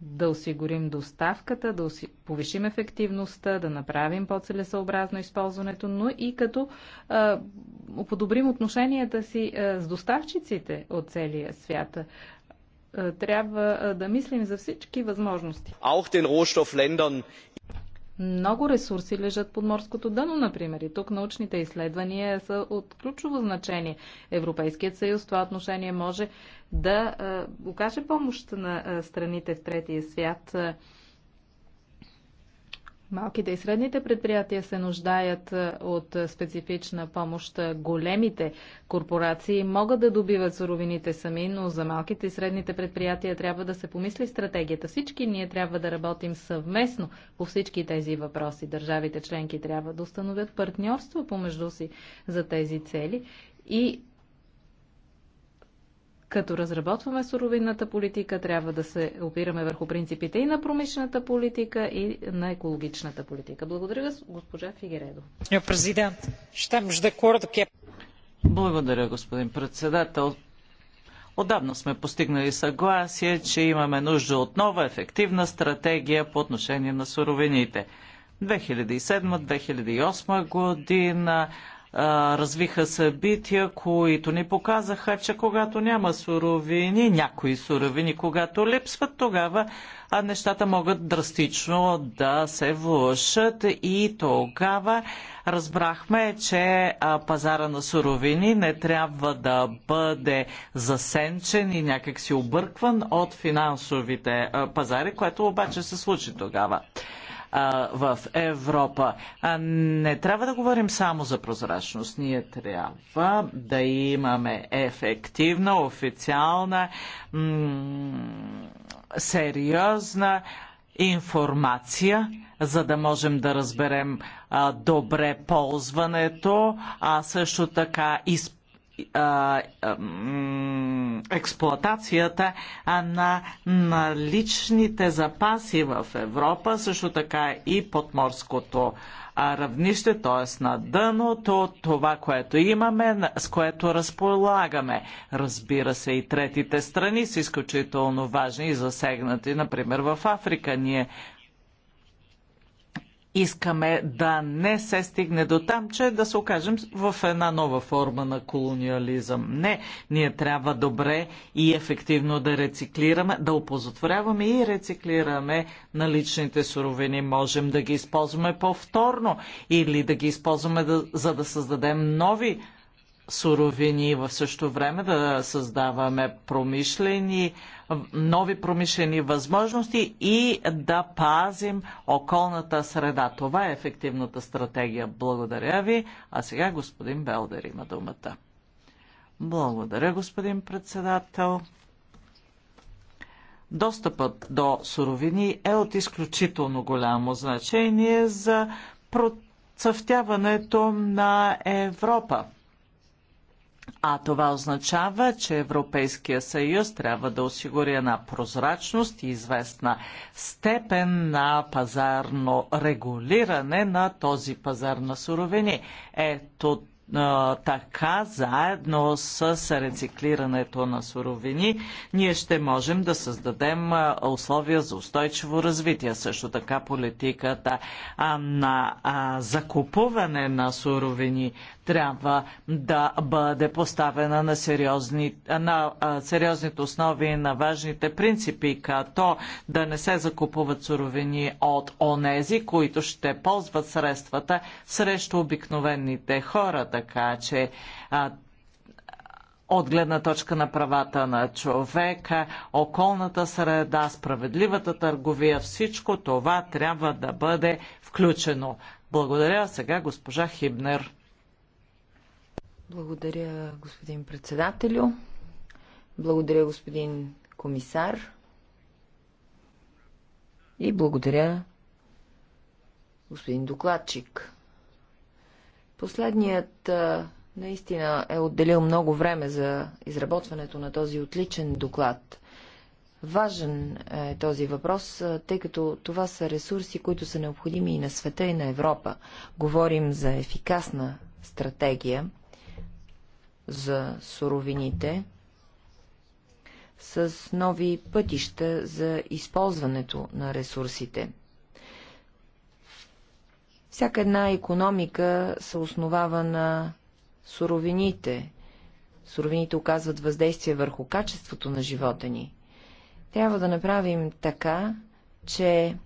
Да осигурим доставката, да повишим ефективността, да направим по-целесъобразно използването, но и като а, подобрим отношенията си а, с доставчиците от целия свят. А, трябва а, да мислим за всички възможности. Auch den много ресурси лежат под морското дъно, например, и тук научните изследвания са от ключово значение. Европейският съюз в това отношение може да окаже помощ на страните в третия свят. Малките и средните предприятия се нуждаят от специфична помощ. Големите корпорации могат да добиват суровините сами, но за малките и средните предприятия трябва да се помисли стратегията. Всички ние трябва да работим съвместно по всички тези въпроси. Държавите членки трябва да установят партньорство помежду си за тези цели и като разработваме суровинната политика, трябва да се опираме върху принципите и на промишлената политика, и на екологичната политика. Благодаря, госпожа Фигередо. Благодаря, господин председател. Отдавна сме постигнали съгласие, че имаме нужда от нова ефективна стратегия по отношение на суровините. 2007-2008 година развиха събития, които ни показаха, че когато няма суровини, някои суровини, когато липсват, тогава а нещата могат драстично да се влушат и тогава разбрахме, че пазара на суровини не трябва да бъде засенчен и някакси объркван от финансовите пазари, което обаче се случи тогава в Европа. А не трябва да говорим само за прозрачност. Ние трябва да имаме ефективна, официална, сериозна информация, за да можем да разберем а, добре ползването, а също така изпълнението експлоатацията на наличните запаси в Европа, също така и подморското равнище, т.е. на дъното, това, което имаме, с което разполагаме. Разбира се, и третите страни са изключително важни и засегнати. Например, в Африка ние искаме да не се стигне до там, че да се окажем в една нова форма на колониализъм. Не, ние трябва добре и ефективно да рециклираме, да опозотворяваме и рециклираме наличните суровини. Можем да ги използваме повторно или да ги използваме да, за да създадем нови суровини и в същото време да създаваме промишлени нови промишлени възможности и да пазим околната среда. Това е ефективната стратегия. Благодаря ви. А сега господин Белдер има думата. Благодаря, господин председател. Достъпът до суровини е от изключително голямо значение за процъфтяването на Европа. А това означава, че Европейския съюз трябва да осигури една прозрачност и известна степен на пазарно регулиране на този пазар на суровини. Ето така, заедно с рециклирането на суровини, ние ще можем да създадем условия за устойчиво развитие. Също така политиката на закупуване на суровини трябва да бъде поставена на, сериозни, на сериозните основи на важните принципи, като да не се закупуват суровини от онези, които ще ползват средствата срещу обикновените хора, така че а, от гледна точка на правата на човека, околната среда, справедливата търговия, всичко това трябва да бъде включено. Благодаря сега госпожа Хибнер. Благодаря, господин председателю. Благодаря, господин комисар. И благодаря, господин докладчик. Последният наистина е отделил много време за изработването на този отличен доклад. Важен е този въпрос, тъй като това са ресурси, които са необходими и на света, и на Европа. Говорим за ефикасна стратегия – за суровините с нови пътища за използването на ресурсите. Всяка една економика се основава на суровините. Суровините оказват въздействие върху качеството на живота ни. Трябва да направим така, че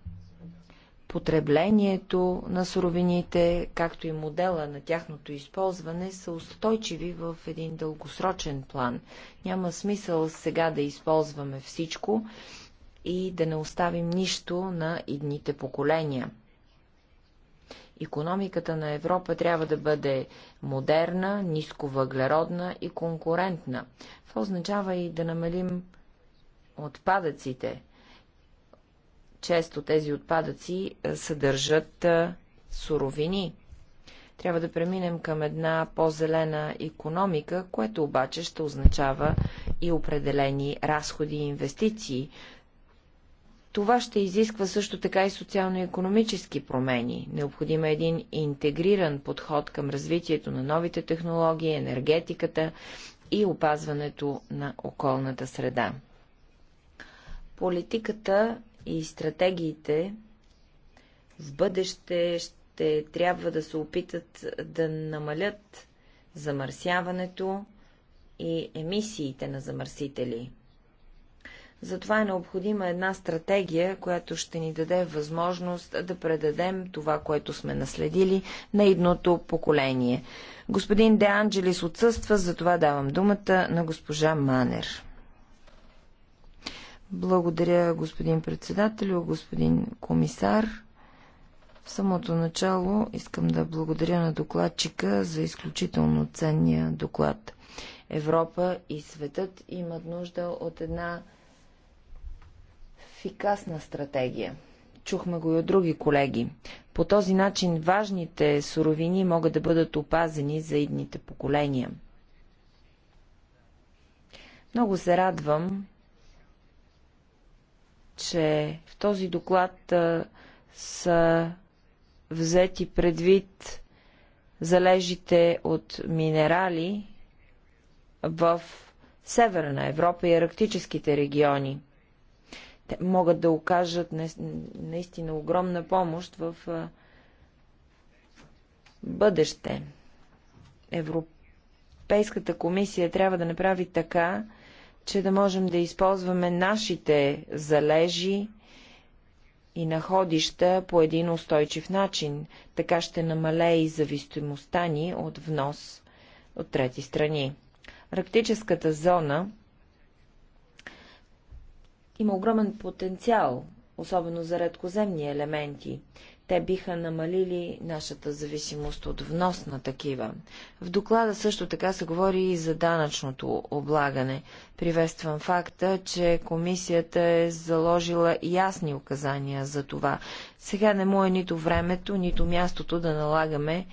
потреблението на суровините, както и модела на тяхното използване са устойчиви в един дългосрочен план. Няма смисъл сега да използваме всичко и да не оставим нищо на идните поколения. Економиката на Европа трябва да бъде модерна, нисковъглеродна и конкурентна. Това означава и да намалим отпадъците, често тези отпадъци е, съдържат е, суровини. Трябва да преминем към една по-зелена економика, което обаче ще означава и определени разходи и инвестиции. Това ще изисква също така и социално-економически промени. Необходим е един интегриран подход към развитието на новите технологии, енергетиката и опазването на околната среда. Политиката и стратегиите в бъдеще ще трябва да се опитат да намалят замърсяването и емисиите на замърсители. Затова е необходима една стратегия, която ще ни даде възможност да предадем това, което сме наследили на едното поколение. Господин Де Анджелис отсъства, затова давам думата на госпожа Манер. Благодаря, господин председател, господин комисар. В самото начало искам да благодаря на докладчика за изключително ценния доклад. Европа и светът имат нужда от една фикасна стратегия. Чухме го и от други колеги. По този начин важните суровини могат да бъдат опазени за идните поколения. Много се радвам, че в този доклад а, са взети предвид залежите от минерали в Северна Европа и арктическите региони. Те могат да окажат наистина огромна помощ в а, бъдеще. Европейската комисия трябва да направи така, че да можем да използваме нашите залежи и находища по един устойчив начин. Така ще намалее и зависимостта ни от внос от трети страни. Арктическата зона има огромен потенциал, особено за редкоземни елементи. Те биха намалили нашата зависимост от внос на такива. В доклада също така се говори и за данъчното облагане. Приветствам факта, че комисията е заложила ясни указания за това. Сега не му е нито времето, нито мястото да налагаме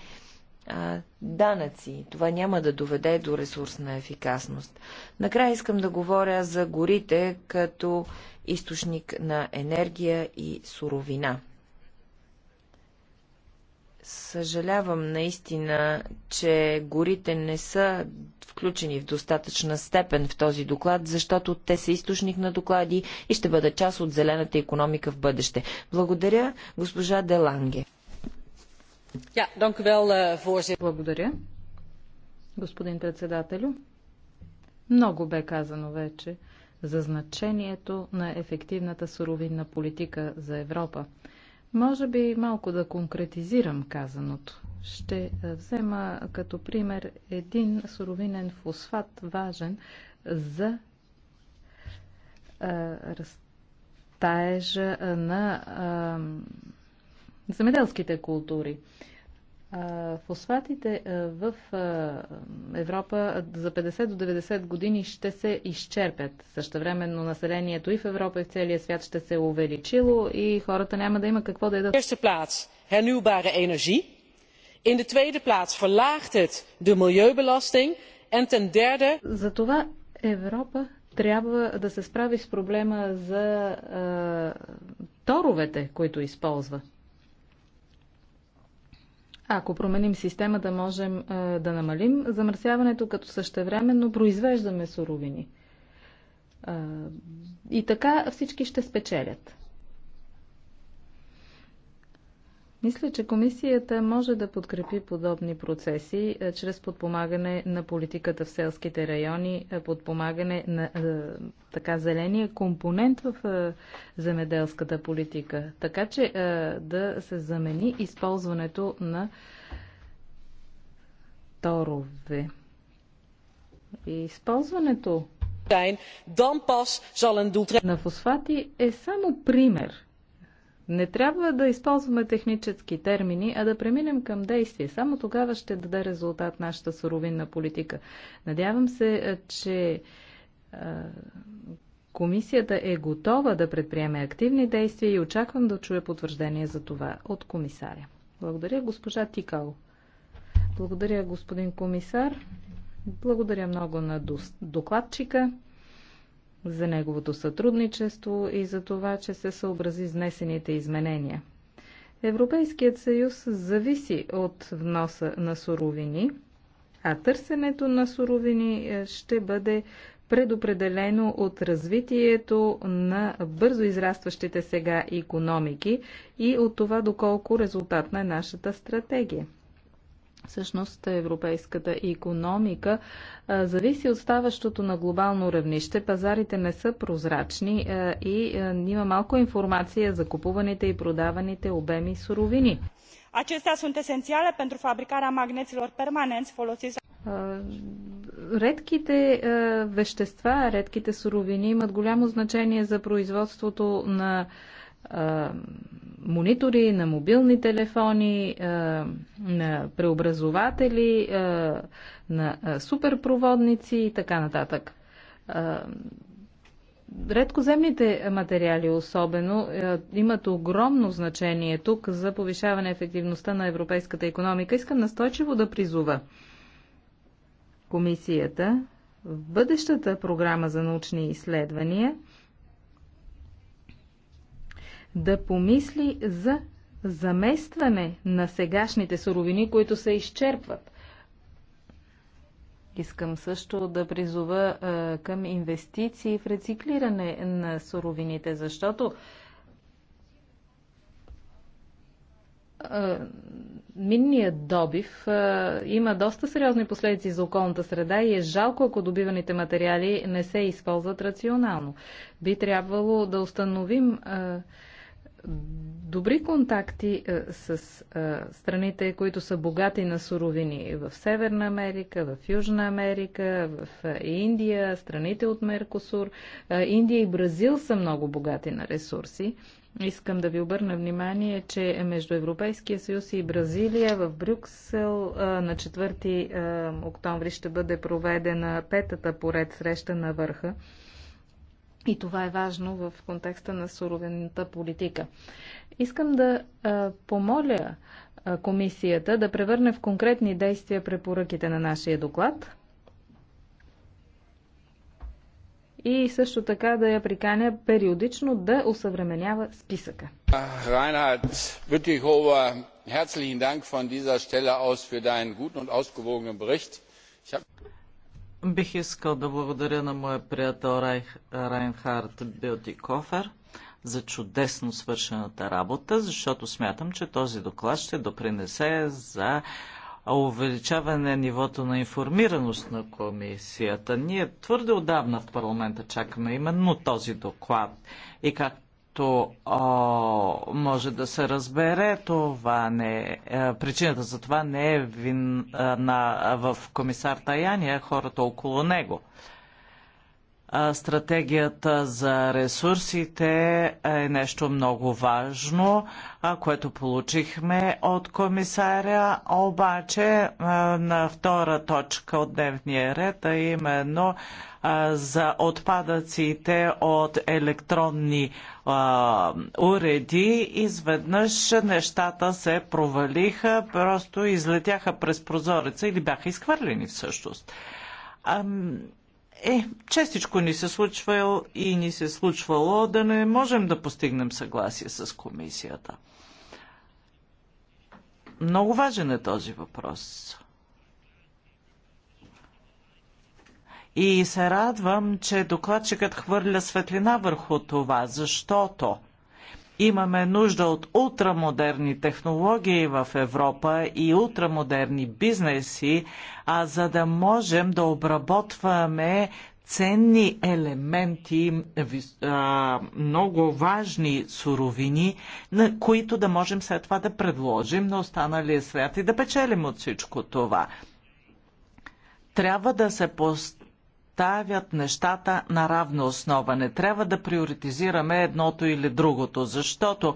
а, данъци. Това няма да доведе до ресурсна ефикасност. Накрая искам да говоря за горите като източник на енергия и суровина. Съжалявам наистина, че горите не са включени в достатъчна степен в този доклад, защото те са източник на доклади и ще бъдат част от зелената економика в бъдеще. Благодаря, госпожа Деланге. Eh, Благодаря, господин председателю. Много бе казано вече за значението на ефективната суровинна политика за Европа. Може би малко да конкретизирам казаното. Ще взема като пример един суровинен фосфат, важен за растаежа на земеделските култури. Фосфатите в Европа за 50 до 90 години ще се изчерпят. Същевременно населението и в Европа и в целия свят ще се е увеличило и хората няма да има какво да ядат. Eerste plaats hernieuwbare energie. In de tweede plaats verlaagt het de milieubelasting. En ten derde... Затова Европа трябва да се справи с проблема за а, торовете, които използва. Ако променим системата, можем е, да намалим замърсяването, като същевременно произвеждаме суровини. Е, и така всички ще спечелят. Мисля, че комисията може да подкрепи подобни процеси е, чрез подпомагане на политиката в селските райони, е, подпомагане на е, така зеления компонент в земеделската политика, така че да се замени използването на торове. И използването на фосфати е само пример – не трябва да използваме технически термини, а да преминем към действие. Само тогава ще даде резултат нашата суровинна политика. Надявам се, е, че е, комисията е готова да предприеме активни действия и очаквам да чуя потвърждение за това от комисаря. Благодаря, госпожа Тикал. Благодаря, господин комисар. Благодаря много на докладчика за неговото сътрудничество и за това, че се съобрази изнесените изменения. Европейският съюз зависи от вноса на суровини, а търсенето на суровини е, ще бъде предопределено от развитието на бързо израстващите сега економики и от това доколко резултатна е нашата стратегия. Всъщност европейската економика зависи от ставащото на глобално равнище. Пазарите не са прозрачни и има малко информация за купуваните и продаваните обеми суровини. Acestea sunt esențiale pentru fabricarea magneților permanenți folosiți Редките вещества, редките суровини имат голямо значение за производството на монитори, на мобилни телефони, е, на преобразователи, е, на е, суперпроводници и така нататък. Редкоземните материали особено имат огромно значение тук за повишаване ефективността на европейската економика. Искам настойчиво да призова комисията в бъдещата програма за научни изследвания – да помисли за заместване на сегашните суровини, които се изчерпват. Искам също да призова а, към инвестиции в рециклиране на суровините, защото минният добив а, има доста сериозни последици за околната среда и е жалко, ако добиваните материали не се използват рационално. Би трябвало да установим а, добри контакти е, с е, страните, които са богати на суровини в Северна Америка, в Южна Америка, в е, Индия, страните от Меркосур. Индия и Бразил са много богати на ресурси. Искам да ви обърна внимание, че между Европейския съюз и Бразилия в Брюксел на 4 октомври ще бъде проведена петата поред среща на върха и това е важно в контекста на суровената политика. Искам да а, помоля а, комисията да превърне в конкретни действия препоръките на нашия доклад и също така да я приканя периодично да осъвременява списъка. Reinhard Bütikofer, herzlichen Dank von dieser Stelle aus für deinen guten und ausgewogenen Bericht. Бих искал да благодаря на моя приятел Райх, Райнхард Билтикофер за чудесно свършената работа, защото смятам, че този доклад ще допринесе за увеличаване нивото на информираност на комисията. Ние твърде отдавна в парламента чакаме именно този доклад. И както което о, може да се разбере, това не е, причината за това не е вина в комисар Таяния, хората около него стратегията за ресурсите е нещо много важно, което получихме от комисаря, обаче на втора точка от дневния ред, а именно за отпадъците от електронни а, уреди. Изведнъж нещата се провалиха, просто излетяха през прозореца или бяха изхвърлени всъщност. Е, честичко ни се случва и ни се случвало да не можем да постигнем съгласие с комисията. Много важен е този въпрос. И се радвам, че докладчикът хвърля светлина върху това, защото Имаме нужда от ултрамодерни технологии в Европа и ултрамодерни бизнеси, а за да можем да обработваме ценни елементи, много важни суровини, на които да можем след това да предложим на останалия свят и да печелим от всичко това. Трябва да се поставим поставят нещата на равна основа. Не трябва да приоритизираме едното или другото, защото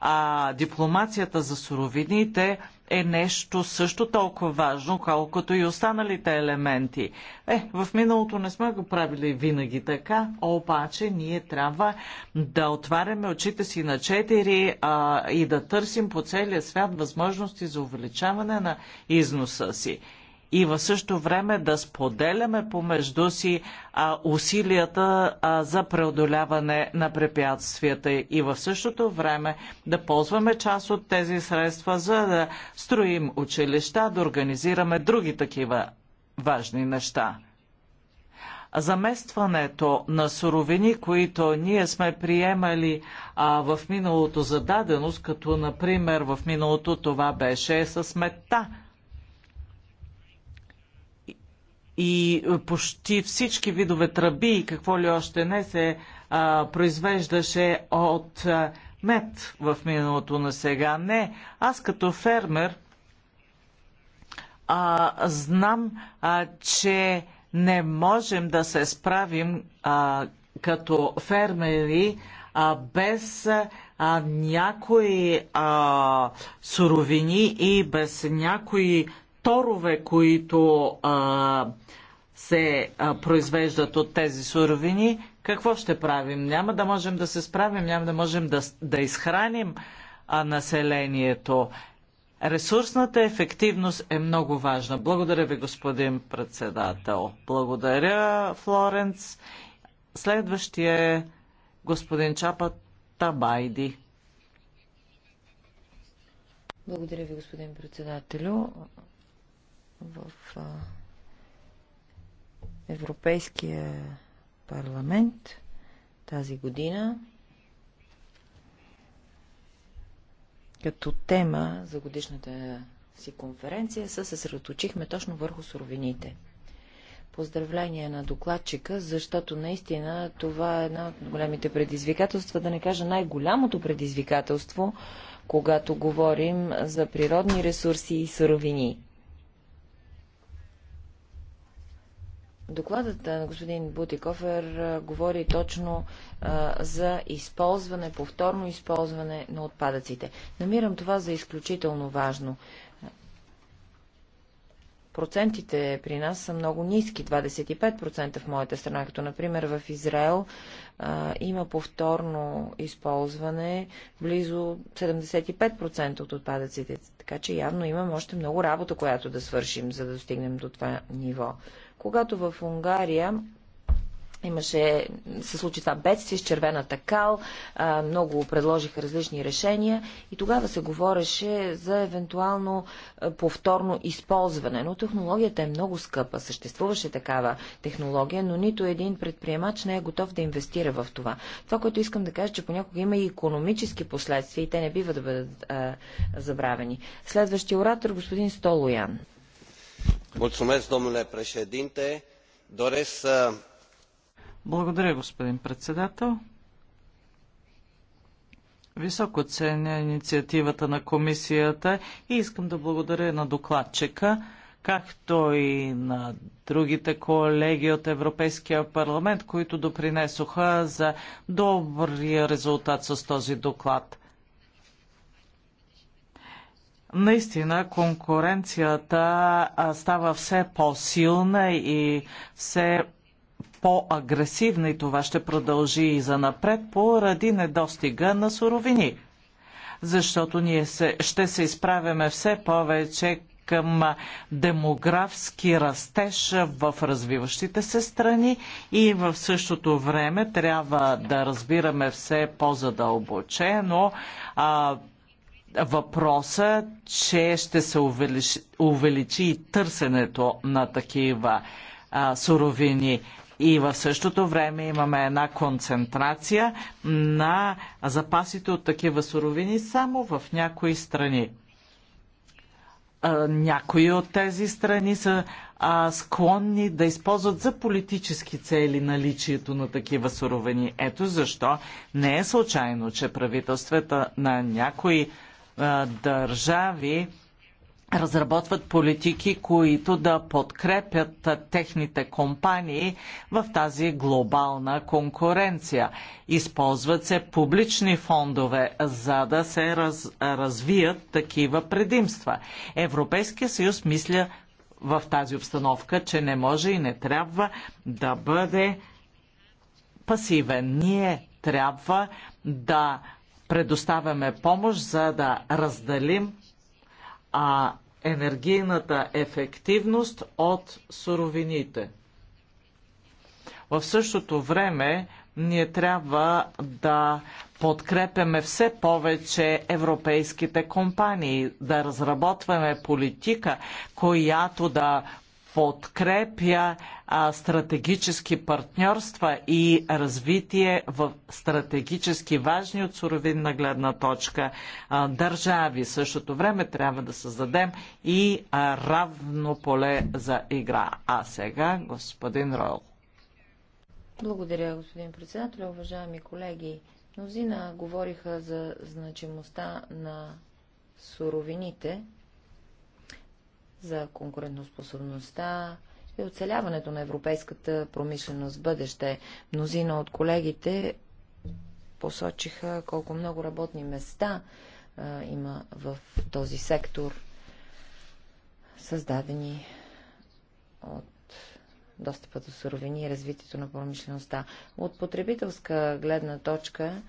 а, дипломацията за суровините е нещо също толкова важно, колкото и останалите елементи. Е, в миналото не сме го правили винаги така, обаче ние трябва да отваряме очите си на четири а, и да търсим по целия свят възможности за увеличаване на износа си и в същото време да споделяме помежду си а, усилията а, за преодоляване на препятствията и в същото време да ползваме част от тези средства за да строим училища, да организираме други такива важни неща заместването на суровини, които ние сме приемали а, в миналото за даденост, като например в миналото това беше с мета – и е, почти всички видове тръби и какво ли още не се а, е, произвеждаше от а, е, мед в миналото на сега. Не, аз като фермер а, знам, а, че не можем да се справим а, като фермери а, без а, някои а, суровини и без някои торове, които а, се а, произвеждат от тези суровини, какво ще правим? Няма да можем да се справим, няма да можем да, да изхраним а, населението. Ресурсната ефективност е много важна. Благодаря ви, господин председател. Благодаря, Флоренц. Следващия е господин Чапа Табайди. Благодаря ви, господин председателю в Европейския парламент тази година като тема за годишната си конференция се съсредоточихме точно върху суровините. Поздравление на докладчика, защото наистина това е една от големите предизвикателства, да не кажа най-голямото предизвикателство, когато говорим за природни ресурси и суровини. Докладът на господин Бутикофер говори точно а, за използване, повторно използване на отпадъците. Намирам това за изключително важно. Процентите при нас са много ниски, 25% в моята страна, като например в Израел а, има повторно използване близо 75% от отпадъците. Така че явно имам още много работа, която да свършим, за да достигнем до това ниво. Когато в Унгария имаше, се случи това бедствие с червената кал, а, много предложиха различни решения и тогава се говореше за евентуално а, повторно използване. Но технологията е много скъпа. Съществуваше такава технология, но нито един предприемач не е готов да инвестира в това. Това, което искам да кажа, че понякога има и економически последствия и те не бива да бъдат а, забравени. Следващия оратор, господин Столоян. Благодаря, господин председател. Високо ценя инициативата на комисията и искам да благодаря на докладчика, както и на другите колеги от Европейския парламент, които допринесоха за добрия резултат с този доклад. Наистина конкуренцията става все по-силна и все по-агресивна и това ще продължи и за напред поради недостига на суровини. Защото ние се, ще се изправяме все повече към демографски растеж в развиващите се страни и в същото време трябва да разбираме все по-задълбочено въпроса, че ще се увеличи, увеличи и търсенето на такива а, суровини. И в същото време имаме една концентрация на запасите от такива суровини само в някои страни. А, някои от тези страни са а, склонни да използват за политически цели наличието на такива суровини. Ето защо не е случайно, че правителствата на някои държави разработват политики, които да подкрепят техните компании в тази глобална конкуренция. Използват се публични фондове, за да се раз, развият такива предимства. Европейския съюз мисля в тази обстановка, че не може и не трябва да бъде пасивен. Ние трябва да предоставяме помощ, за да разделим а, енергийната ефективност от суровините. В същото време ние трябва да подкрепяме все повече европейските компании, да разработваме политика, която да подкрепя а, стратегически партньорства и развитие в стратегически важни от суровинна гледна точка а, държави. същото време трябва да създадем и а, равно поле за игра. А сега господин Ройл. Благодаря, господин председател. Уважаеми колеги, мнозина говориха за значимостта на суровините – за конкурентоспособността и оцеляването на европейската промишленост в бъдеще. Мнозина от колегите посочиха колко много работни места а, има в този сектор, създадени от достъпа до суровини и развитието на промишлеността. От потребителска гледна точка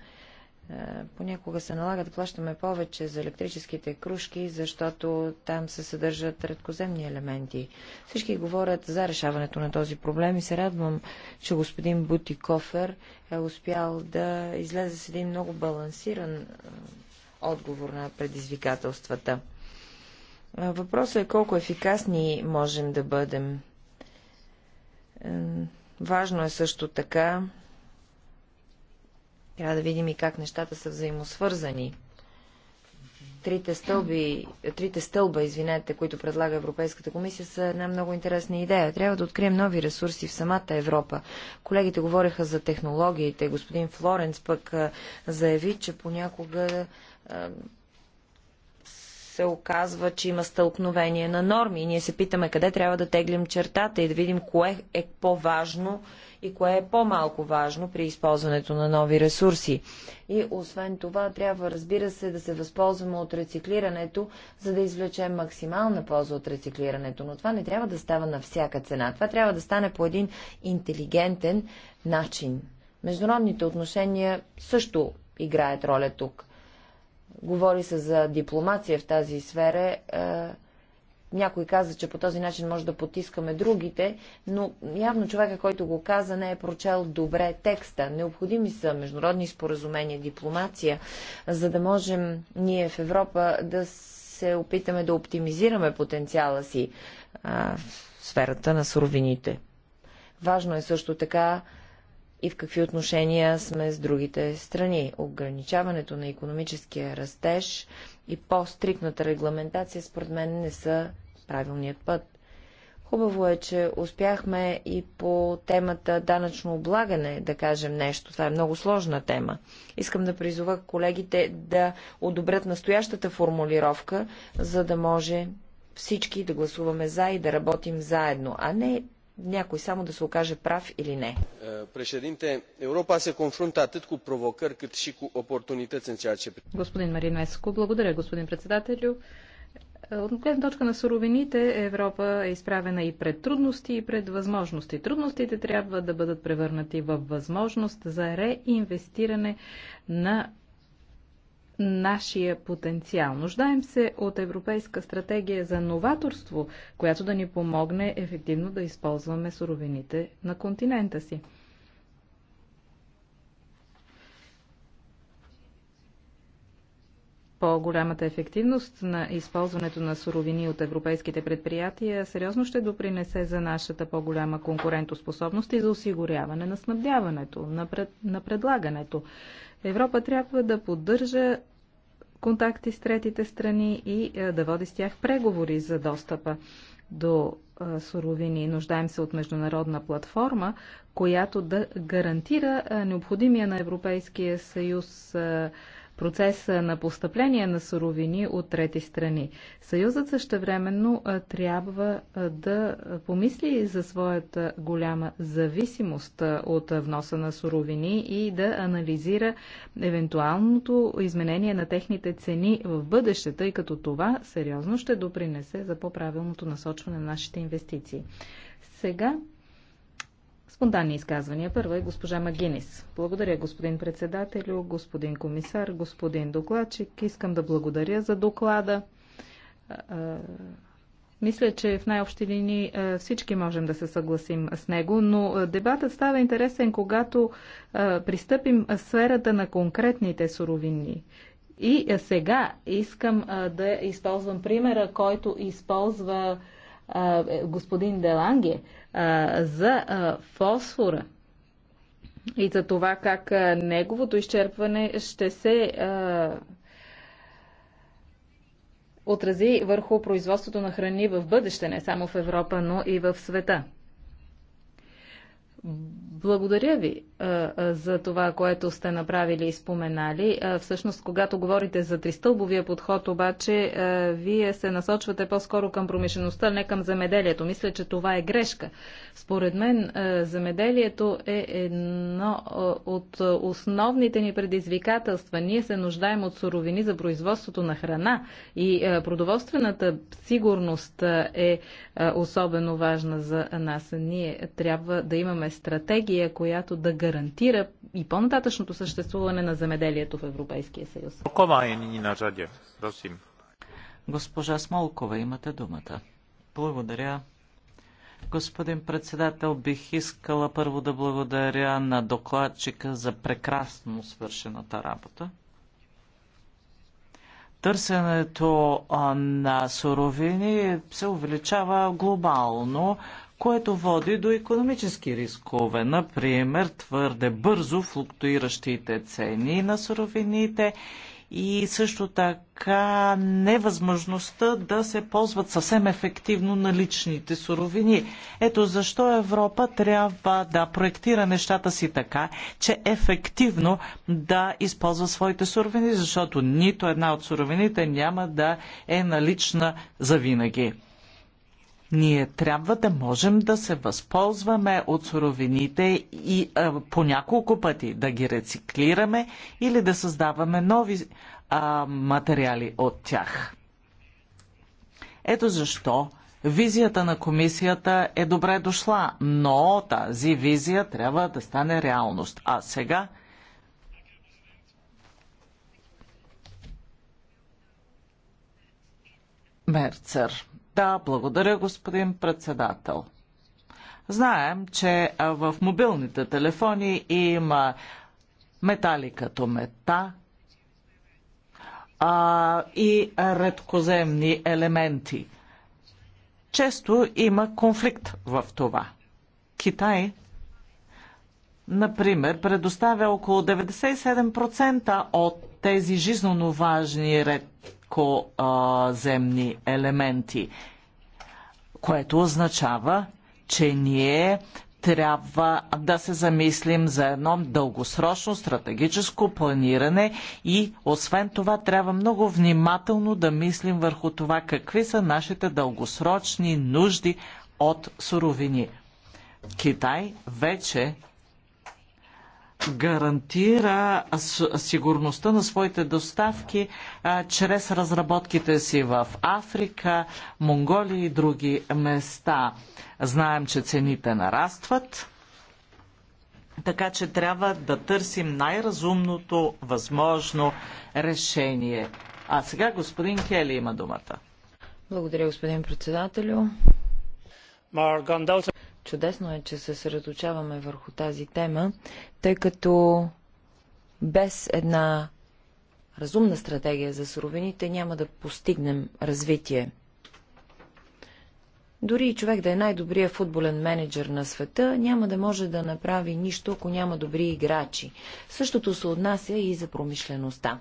е, понякога се налага да плащаме повече за електрическите кружки, защото там се съдържат редкоземни елементи. Всички говорят за решаването на този проблем и се радвам, че господин Бути Кофер е успял да излезе с един много балансиран е, отговор на предизвикателствата. Е, въпросът е колко ефикасни можем да бъдем. Важно е също така трябва да видим и как нещата са взаимосвързани. Трите, стълби, трите стълба, извинете, които предлага Европейската комисия, са една много интересна идея. Трябва да открием нови ресурси в самата Европа. Колегите говореха за технологиите. Господин Флоренц пък заяви, че понякога се оказва, че има стълкновение на норми. И ние се питаме къде трябва да теглим чертата и да видим кое е по-важно и кое е по-малко важно при използването на нови ресурси. И освен това, трябва, разбира се, да се възползваме от рециклирането, за да извлечем максимална полза от рециклирането. Но това не трябва да става на всяка цена. Това трябва да стане по един интелигентен начин. Международните отношения също играят роля тук. Говори се за дипломация в тази сфера. Е някой каза, че по този начин може да потискаме другите, но явно човека, който го каза, не е прочел добре текста. Необходими са международни споразумения, дипломация, за да можем ние в Европа да се опитаме да оптимизираме потенциала си а, в сферата на суровините. Важно е също така и в какви отношения сме с другите страни. Ограничаването на економическия растеж и по-стрикната регламентация, според мен, не са правилният път. Хубаво е, че успяхме и по темата данъчно облагане да кажем нещо. Това е много сложна тема. Искам да призова колегите да одобрят настоящата формулировка, за да може всички да гласуваме за и да работим заедно, а не някой само да се окаже прав или не. Președинте, Европа се confruntă atât cu provocări cât și cu oportunități în ceea ce... Господин Маринеско, благодаря, господин председателю. От гледна точка на суровините, Европа е изправена и пред трудности, и пред възможности. Трудностите трябва да бъдат превърнати в възможност за реинвестиране на нашия потенциал. Нуждаем се от европейска стратегия за новаторство, която да ни помогне ефективно да използваме суровините на континента си. по-голямата ефективност на използването на суровини от европейските предприятия сериозно ще допринесе за нашата по-голяма конкурентоспособност и за осигуряване на снабдяването, на, пред, на предлагането. Европа трябва да поддържа контакти с третите страни и е, да води с тях преговори за достъпа до е, суровини. Нуждаем се от международна платформа, която да гарантира е, необходимия на Европейския съюз процеса на постъпление на суровини от трети страни. Съюзът същевременно трябва да помисли за своята голяма зависимост от вноса на суровини и да анализира евентуалното изменение на техните цени в бъдеще, тъй като това сериозно ще допринесе за по-правилното насочване на нашите инвестиции. Сега Спонтанни изказвания. Първа е госпожа Магинис. Благодаря, господин председателю, господин комисар, господин докладчик. Искам да благодаря за доклада. Мисля, че в най-общи линии всички можем да се съгласим с него, но дебатът става интересен, когато пристъпим сферата на конкретните суровини. И сега искам да използвам примера, който използва е, господин Деланге за фосфора и за това как неговото изчерпване ще се отрази върху производството на храни в бъдеще, не само в Европа, но и в света. Благодаря ви за това, което сте направили и споменали. Всъщност, когато говорите за тристълбовия подход, обаче, вие се насочвате по-скоро към промишлеността, не към земеделието. Мисля, че това е грешка. Според мен, земеделието е едно от основните ни предизвикателства. Ние се нуждаем от суровини за производството на храна и продоволствената сигурност е особено важна за нас. Ние трябва да имаме стратегия, която да гарантира и по-нататъчното съществуване на земеделието в Европейския съюз. е ни на жаде. Просим. Госпожа Смолкова, имате думата. Благодаря. Господин председател, бих искала първо да благодаря на докладчика за прекрасно свършената работа. Търсенето на суровини се увеличава глобално което води до економически рискове, например твърде бързо флуктуиращите цени на суровините и също така невъзможността да се ползват съвсем ефективно наличните суровини. Ето защо Европа трябва да проектира нещата си така, че ефективно да използва своите суровини, защото нито една от суровините няма да е налична завинаги. Ние трябва да можем да се възползваме от суровините и а, по няколко пъти да ги рециклираме или да създаваме нови а, материали от тях. Ето защо визията на комисията е добре дошла, но тази визия трябва да стане реалност. А сега Мерцер. Да, благодаря, господин председател. Знаем, че в мобилните телефони има метали като мета а, и редкоземни елементи. Често има конфликт в това. Китай, например, предоставя около 97% от тези жизненно важни ред малко а, земни елементи, което означава, че ние трябва да се замислим за едно дългосрочно стратегическо планиране и освен това трябва много внимателно да мислим върху това какви са нашите дългосрочни нужди от суровини. Китай вече гарантира сигурността на своите доставки а, чрез разработките си в Африка, Монголия и други места. Знаем, че цените нарастват, така че трябва да търсим най-разумното възможно решение. А сега господин Кели има думата. Благодаря, господин председателю. Чудесно е, че се съсредоточаваме върху тази тема, тъй като без една разумна стратегия за суровините няма да постигнем развитие. Дори и човек да е най-добрият футболен менеджер на света, няма да може да направи нищо, ако няма добри играчи. Същото се отнася и за промишлеността.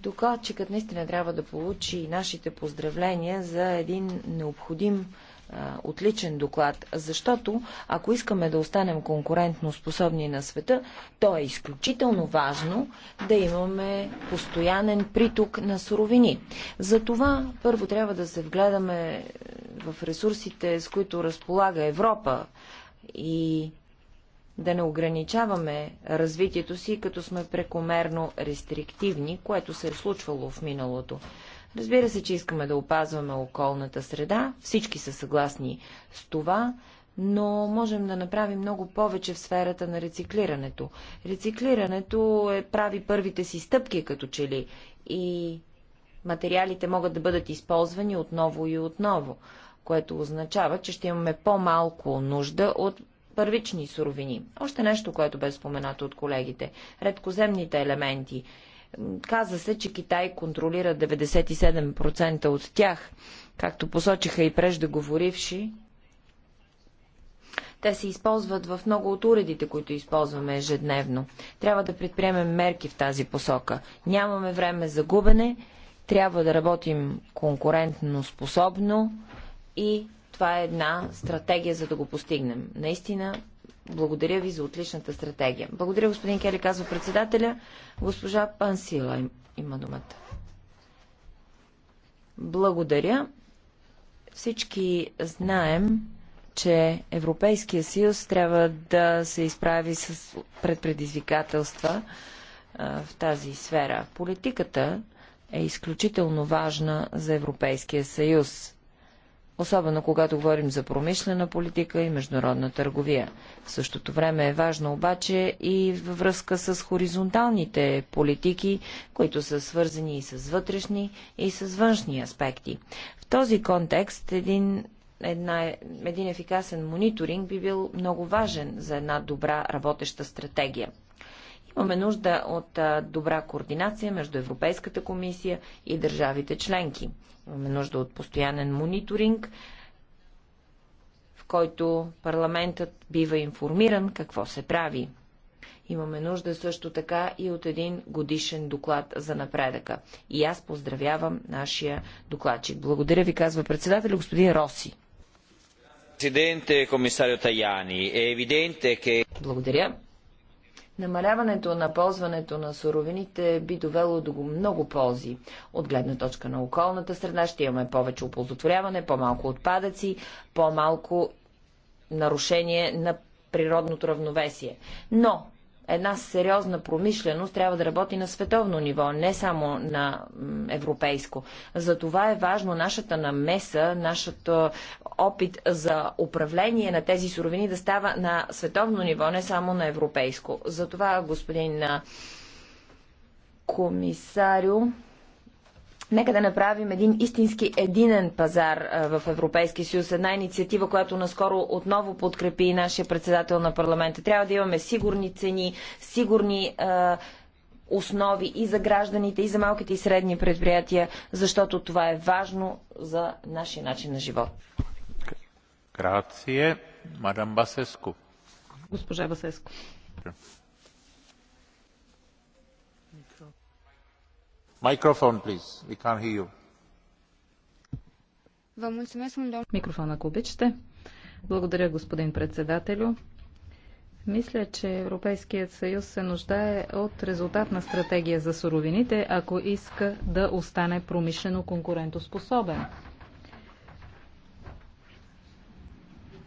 Докладчикът наистина трябва да получи нашите поздравления за един необходим отличен доклад, защото ако искаме да останем конкурентно способни на света, то е изключително важно да имаме постоянен приток на суровини. Затова първо трябва да се вгледаме е, в ресурсите, с които разполага Европа и да не ограничаваме развитието си, като сме прекомерно рестриктивни, което се е случвало в миналото. Разбира се, че искаме да опазваме околната среда, всички са съгласни с това, но можем да направим много повече в сферата на рециклирането. Рециклирането е, прави първите си стъпки, като че ли, и материалите могат да бъдат използвани отново и отново, което означава, че ще имаме по-малко нужда от първични суровини. Още нещо, което бе споменато от колегите. Редкоземните елементи каза се, че Китай контролира 97% от тях, както посочиха и преждеговоривши. Те се използват в много от уредите, които използваме ежедневно. Трябва да предприемем мерки в тази посока. Нямаме време за губене, трябва да работим конкурентно способно и това е една стратегия, за да го постигнем. Наистина благодаря ви за отличната стратегия. Благодаря, господин Кели, казва председателя. Госпожа Пансила има думата. Благодаря. Всички знаем, че Европейския съюз трябва да се изправи с предпредизвикателства предизвикателства в тази сфера. Политиката е изключително важна за Европейския съюз особено когато говорим за промишлена политика и международна търговия. В същото време е важно обаче и във връзка с хоризонталните политики, които са свързани и с вътрешни, и с външни аспекти. В този контекст един една, един ефикасен мониторинг би бил много важен за една добра работеща стратегия. Имаме нужда от добра координация между Европейската комисия и държавите членки. Имаме нужда от постоянен мониторинг, в който парламентът бива информиран какво се прави. Имаме нужда също така и от един годишен доклад за напредъка. И аз поздравявам нашия докладчик. Благодаря ви, казва председател господин Роси. Е Благодаря. Намаляването на ползването на суровините би довело до много ползи. От гледна точка на околната среда ще имаме повече оползотворяване, по-малко отпадъци, по-малко нарушение на природното равновесие. Но една сериозна промишленост трябва да работи на световно ниво, не само на европейско. Затова е важно нашата намеса, нашата опит за управление на тези суровини да става на световно ниво, не само на европейско. Затова, господин комисарю, Нека да направим един истински единен пазар в Европейския съюз. Една инициатива, която наскоро отново подкрепи нашия председател на парламента. Трябва да имаме сигурни цени, сигурни основи и за гражданите, и за малките и средни предприятия, защото това е важно за нашия начин на живот. Грация, мадам Басеско. Госпожа Басеско. Благодаря, господин председателю. Мисля, че Европейският съюз се нуждае от резултатна стратегия за суровините, ако иска да остане промишлено конкурентоспособен.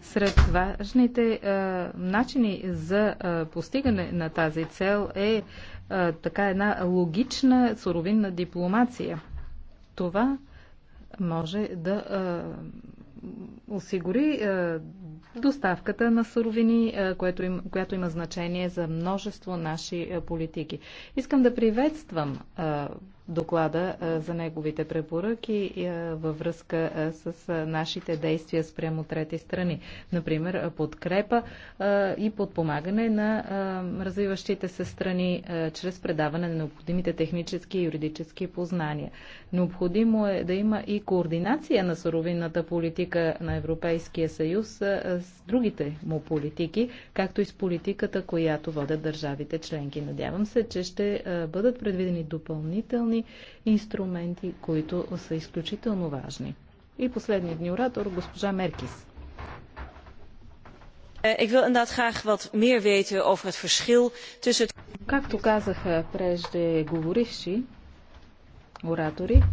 Сред важните а, начини за а, постигане на тази цел е а, така една логична суровинна дипломация. Това може да а, осигури а, доставката на суровини, е, което им, която има значение за множество наши е, политики. Искам да приветствам е, доклада за неговите препоръки във връзка с нашите действия спрямо трети страни. Например, подкрепа и подпомагане на развиващите се страни чрез предаване на необходимите технически и юридически познания. Необходимо е да има и координация на суровинната политика на Европейския съюз с другите му политики, както и с политиката, която водят държавите членки. Надявам се, че ще бъдат предвидени допълнителни инструменти, които са изключително важни. И последният ни оратор, госпожа Меркис. Е, ik wil inderdaad graag wat meer weten over het verschil tussen. Както казаха говоривши оратори,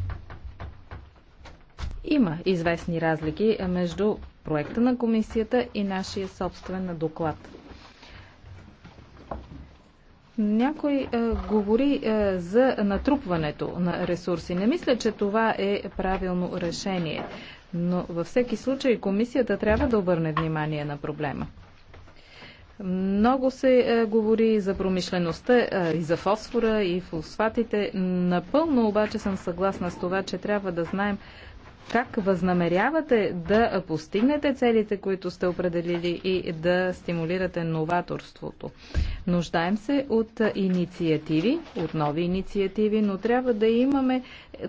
има известни разлики между проекта на комисията и нашия собствен доклад. Някой е, говори е, за натрупването на ресурси. Не мисля, че това е правилно решение, но във всеки случай комисията трябва да обърне внимание на проблема. Много се е, говори за промишлеността е, и за фосфора и фосфатите. Напълно обаче съм съгласна с това, че трябва да знаем как възнамерявате да постигнете целите, които сте определили и да стимулирате новаторството? Нуждаем се от инициативи, от нови инициативи, но трябва да имаме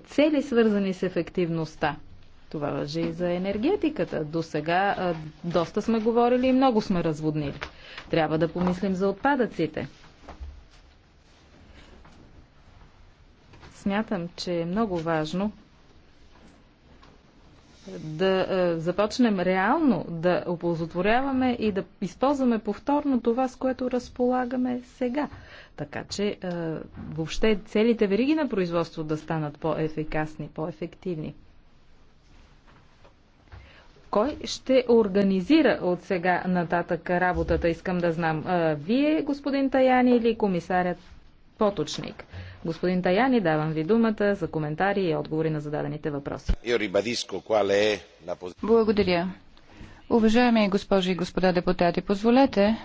цели свързани с ефективността. Това въжи и за енергетиката. До сега доста сме говорили и много сме разводнили. Трябва да помислим за отпадъците. Смятам, че е много важно да е, започнем реално да оползотворяваме и да използваме повторно това, с което разполагаме сега. Така че е, въобще целите вериги на производство да станат по-ефикасни, по-ефективни. Кой ще организира от сега нататък работата, искам да знам. Е, вие, господин Таяни или комисарят Поточник. Господин Таяни, давам ви думата за коментари и отговори на зададените въпроси. Благодаря. Уважаеми госпожи и господа депутати, позволете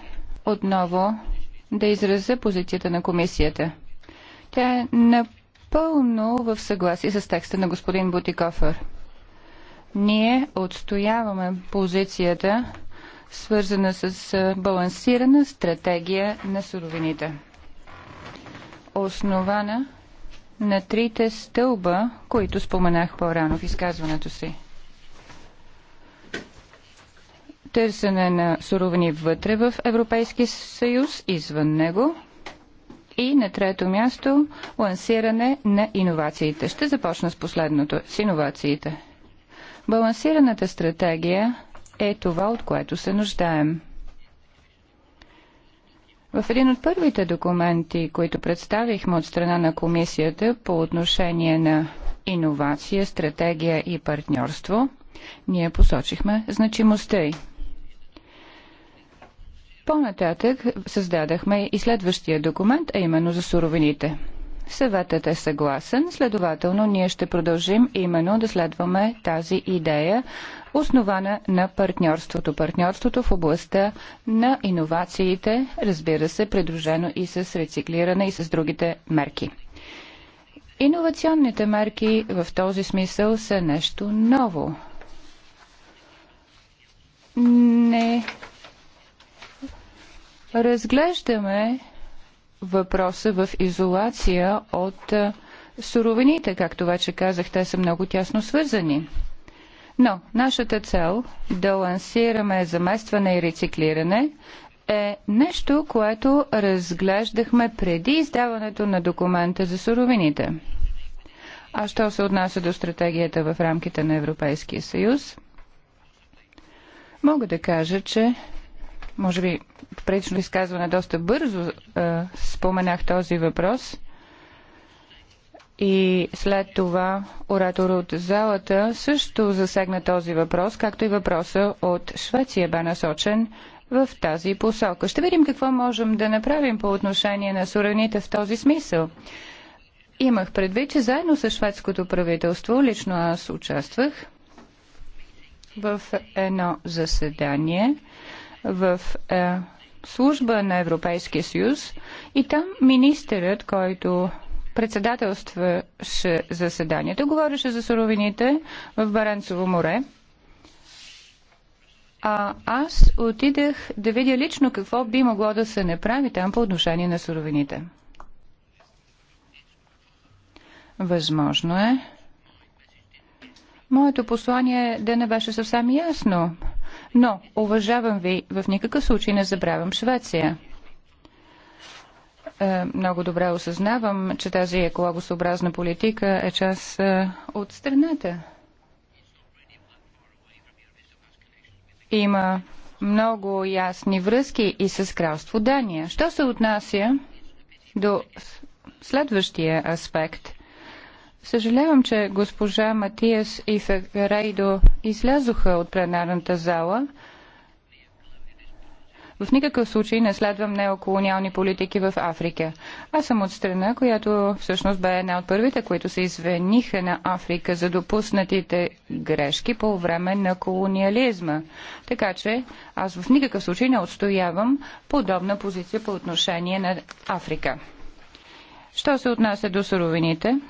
отново да изразя позицията на комисията. Тя е напълно в съгласие с текста на господин Бутикофър. Ние отстояваме позицията, свързана с балансирана стратегия на суровините основана на трите стълба, които споменах по-рано в изказването си. Търсене на суровини вътре в Европейски съюз, извън него. И на трето място лансиране на иновациите. Ще започна с последното, с иновациите. Балансираната стратегия е това, от което се нуждаем – в един от първите документи, които представихме от страна на комисията по отношение на иновация, стратегия и партньорство, ние посочихме значимостта й. По-нататък създадахме и следващия документ, а именно за суровините – Съветът е съгласен, следователно ние ще продължим именно да следваме тази идея, основана на партньорството. Партньорството в областта на иновациите, разбира се, придружено и с рециклиране и с другите мерки. Иновационните мерки в този смисъл са нещо ново. Не разглеждаме въпроса в изолация от суровините. Както вече казах, те са много тясно свързани. Но нашата цел да лансираме заместване и рециклиране е нещо, което разглеждахме преди издаването на документа за суровините. А що се отнася до стратегията в рамките на Европейския съюз? Мога да кажа, че може би в предишно изказване доста бързо е, споменах този въпрос. И след това оратор от залата също засегна този въпрос, както и въпроса от Швеция бе насочен в тази посока. Ще видим какво можем да направим по отношение на суровините в този смисъл. Имах предвид, че заедно с шведското правителство, лично аз участвах в едно заседание в е, служба на Европейския съюз и там министърът, който председателстваше заседанието, говореше за суровините в Баренцово море. А аз отидах да видя лично какво би могло да се направи там по отношение на суровините. Възможно е. Моето послание е да не беше съвсем ясно. Но, уважавам ви, в никакъв случай не забравям Швеция е, много добре осъзнавам, че тази екологосъобразна политика е част е, от страната. Има много ясни връзки и с кралство Дания. Що се отнася до следващия аспект? Съжалявам, че госпожа Матиас и Ферейдо излязоха от пленарната зала. В никакъв случай не следвам неоколониални политики в Африка. Аз съм от страна, която всъщност бе една от първите, които се извениха на Африка за допуснатите грешки по време на колониализма. Така че аз в никакъв случай не отстоявам подобна позиция по отношение на Африка. Що се отнася до суровините?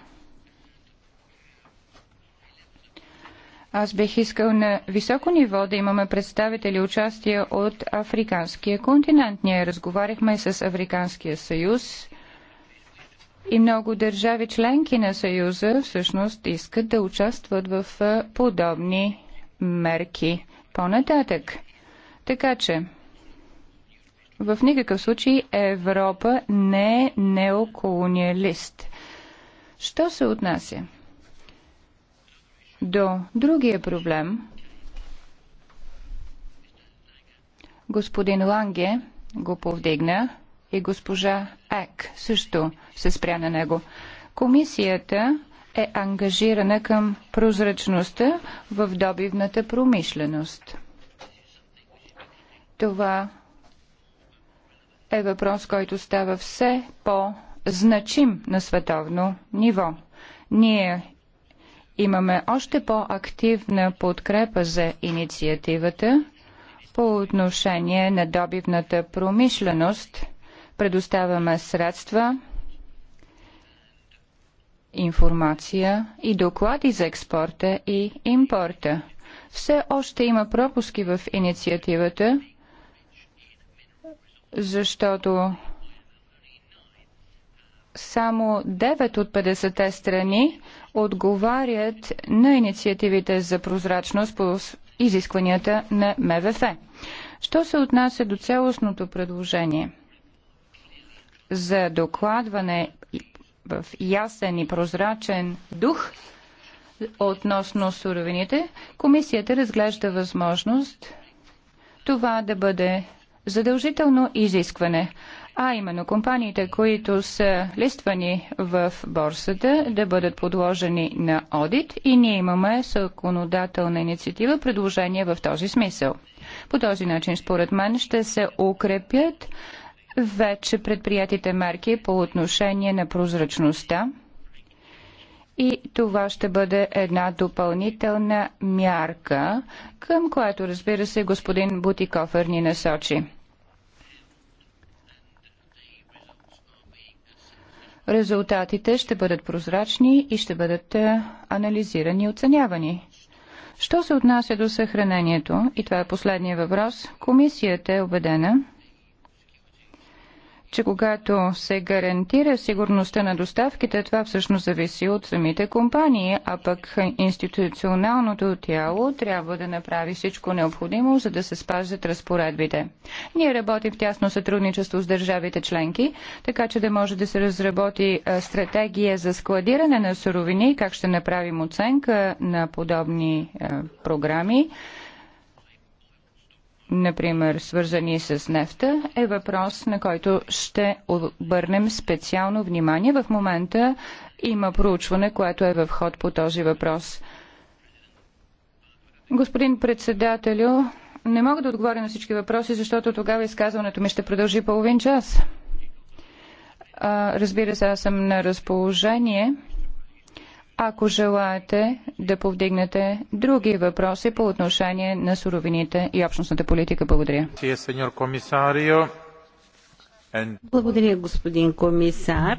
Аз бих искал на високо ниво да имаме представители участие от Африканския континент. Ние разговаряхме с Африканския съюз и много държави членки на съюза всъщност искат да участват в подобни мерки по-нататък. Така че, в никакъв случай Европа не е неоколониалист. Що се отнася до другия проблем, господин Ланге го повдигна и госпожа Ек също се спря на него. Комисията е ангажирана към прозрачността в добивната промишленост. Това е въпрос, който става все по-значим на световно ниво. Ние имаме още по-активна подкрепа за инициативата по отношение на добивната промишленост. Предоставяме средства, информация и доклади за експорта и импорта. Все още има пропуски в инициативата, защото само 9 от 50-те страни отговарят на инициативите за прозрачност по изискванията на МВФ. Що се отнася до целостното предложение за докладване в ясен и прозрачен дух относно суровините, комисията разглежда възможност това да бъде задължително изискване а именно компаниите, които са листвани в борсата, да бъдат подложени на одит и ние имаме законодателна инициатива, предложение в този смисъл. По този начин, според мен, ще се укрепят вече предприятите мерки по отношение на прозрачността и това ще бъде една допълнителна мярка, към която, разбира се, господин Бутикофер ни насочи. Резултатите ще бъдат прозрачни и ще бъдат е, анализирани и оценявани. Що се отнася до съхранението, и това е последния въпрос, комисията е убедена, че когато се гарантира сигурността на доставките, това всъщност зависи от самите компании, а пък институционалното тяло трябва да направи всичко необходимо, за да се спазят разпоредбите. Ние работим в тясно сътрудничество с държавите членки, така че да може да се разработи стратегия за складиране на суровини, как ще направим оценка на подобни програми например, свързани с нефта, е въпрос, на който ще обърнем специално внимание. В момента има проучване, което е в ход по този въпрос. Господин председателю, не мога да отговоря на всички въпроси, защото тогава изказването ми ще продължи половин час. разбира се, аз съм на разположение ако желаете да повдигнете други въпроси по отношение на суровините и общностната политика. Благодаря. Благодаря, господин комисар.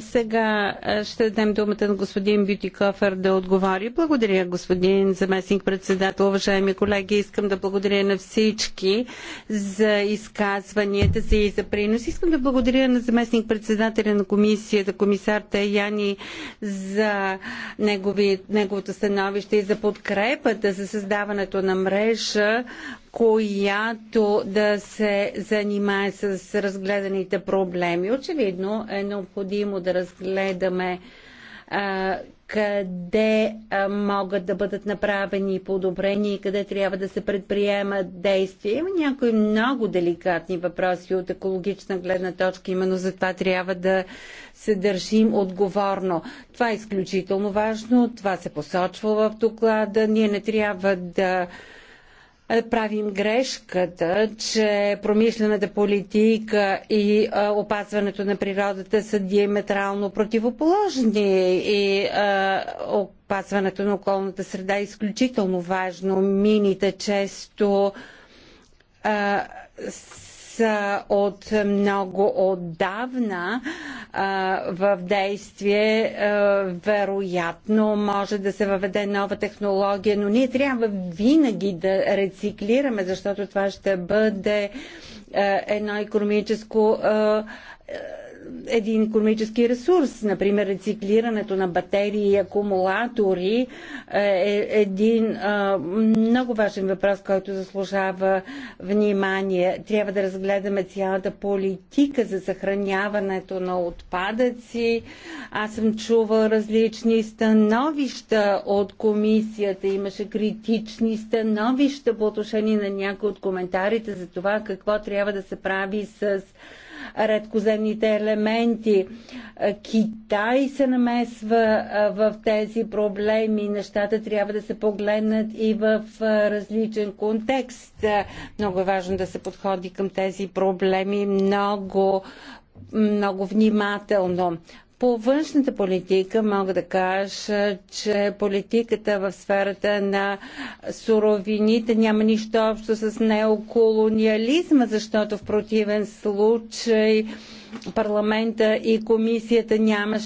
Сега ще дадем думата на господин Бютикофер да отговори. Благодаря, господин заместник председател. Уважаеми колеги, искам да благодаря на всички за изказванията си и за принос. Искам да благодаря на заместник председателя на комисията, комисар Таяни, за негови, неговото становище и за подкрепата за създаването на мрежа която да се занимае с разгледаните проблеми. Очевидно е необходимо да разгледаме а, къде а, могат да бъдат направени подобрения и къде трябва да се предприемат действия. Има някои много деликатни въпроси от екологична гледна точка, именно за това трябва да се държим отговорно. Това е изключително важно, това се посочва в доклада. Ние не трябва да е, правим грешката, че промишлената политика и е, опазването на природата са диаметрално противоположни и е, опазването на околната среда е изключително важно. Мините често от много отдавна в действие. Вероятно може да се въведе нова технология, но ние трябва винаги да рециклираме, защото това ще бъде едно економическо един економически ресурс. Например, рециклирането на батерии и акумулатори е, е един много важен въпрос, който заслужава внимание. Трябва да разгледаме цялата политика за съхраняването на отпадъци. Аз съм чувал различни становища от комисията. Имаше критични становища по отношение на някои от коментарите за това какво трябва да се прави с редкоземните елементи. Китай се намесва в тези проблеми. Нещата трябва да се погледнат и в различен контекст. Много е важно да се подходи към тези проблеми много много внимателно. По външната политика мога да кажа, че политиката в сферата на суровините няма нищо общо с неоколониализма, защото в противен случай парламента и комисията нямаше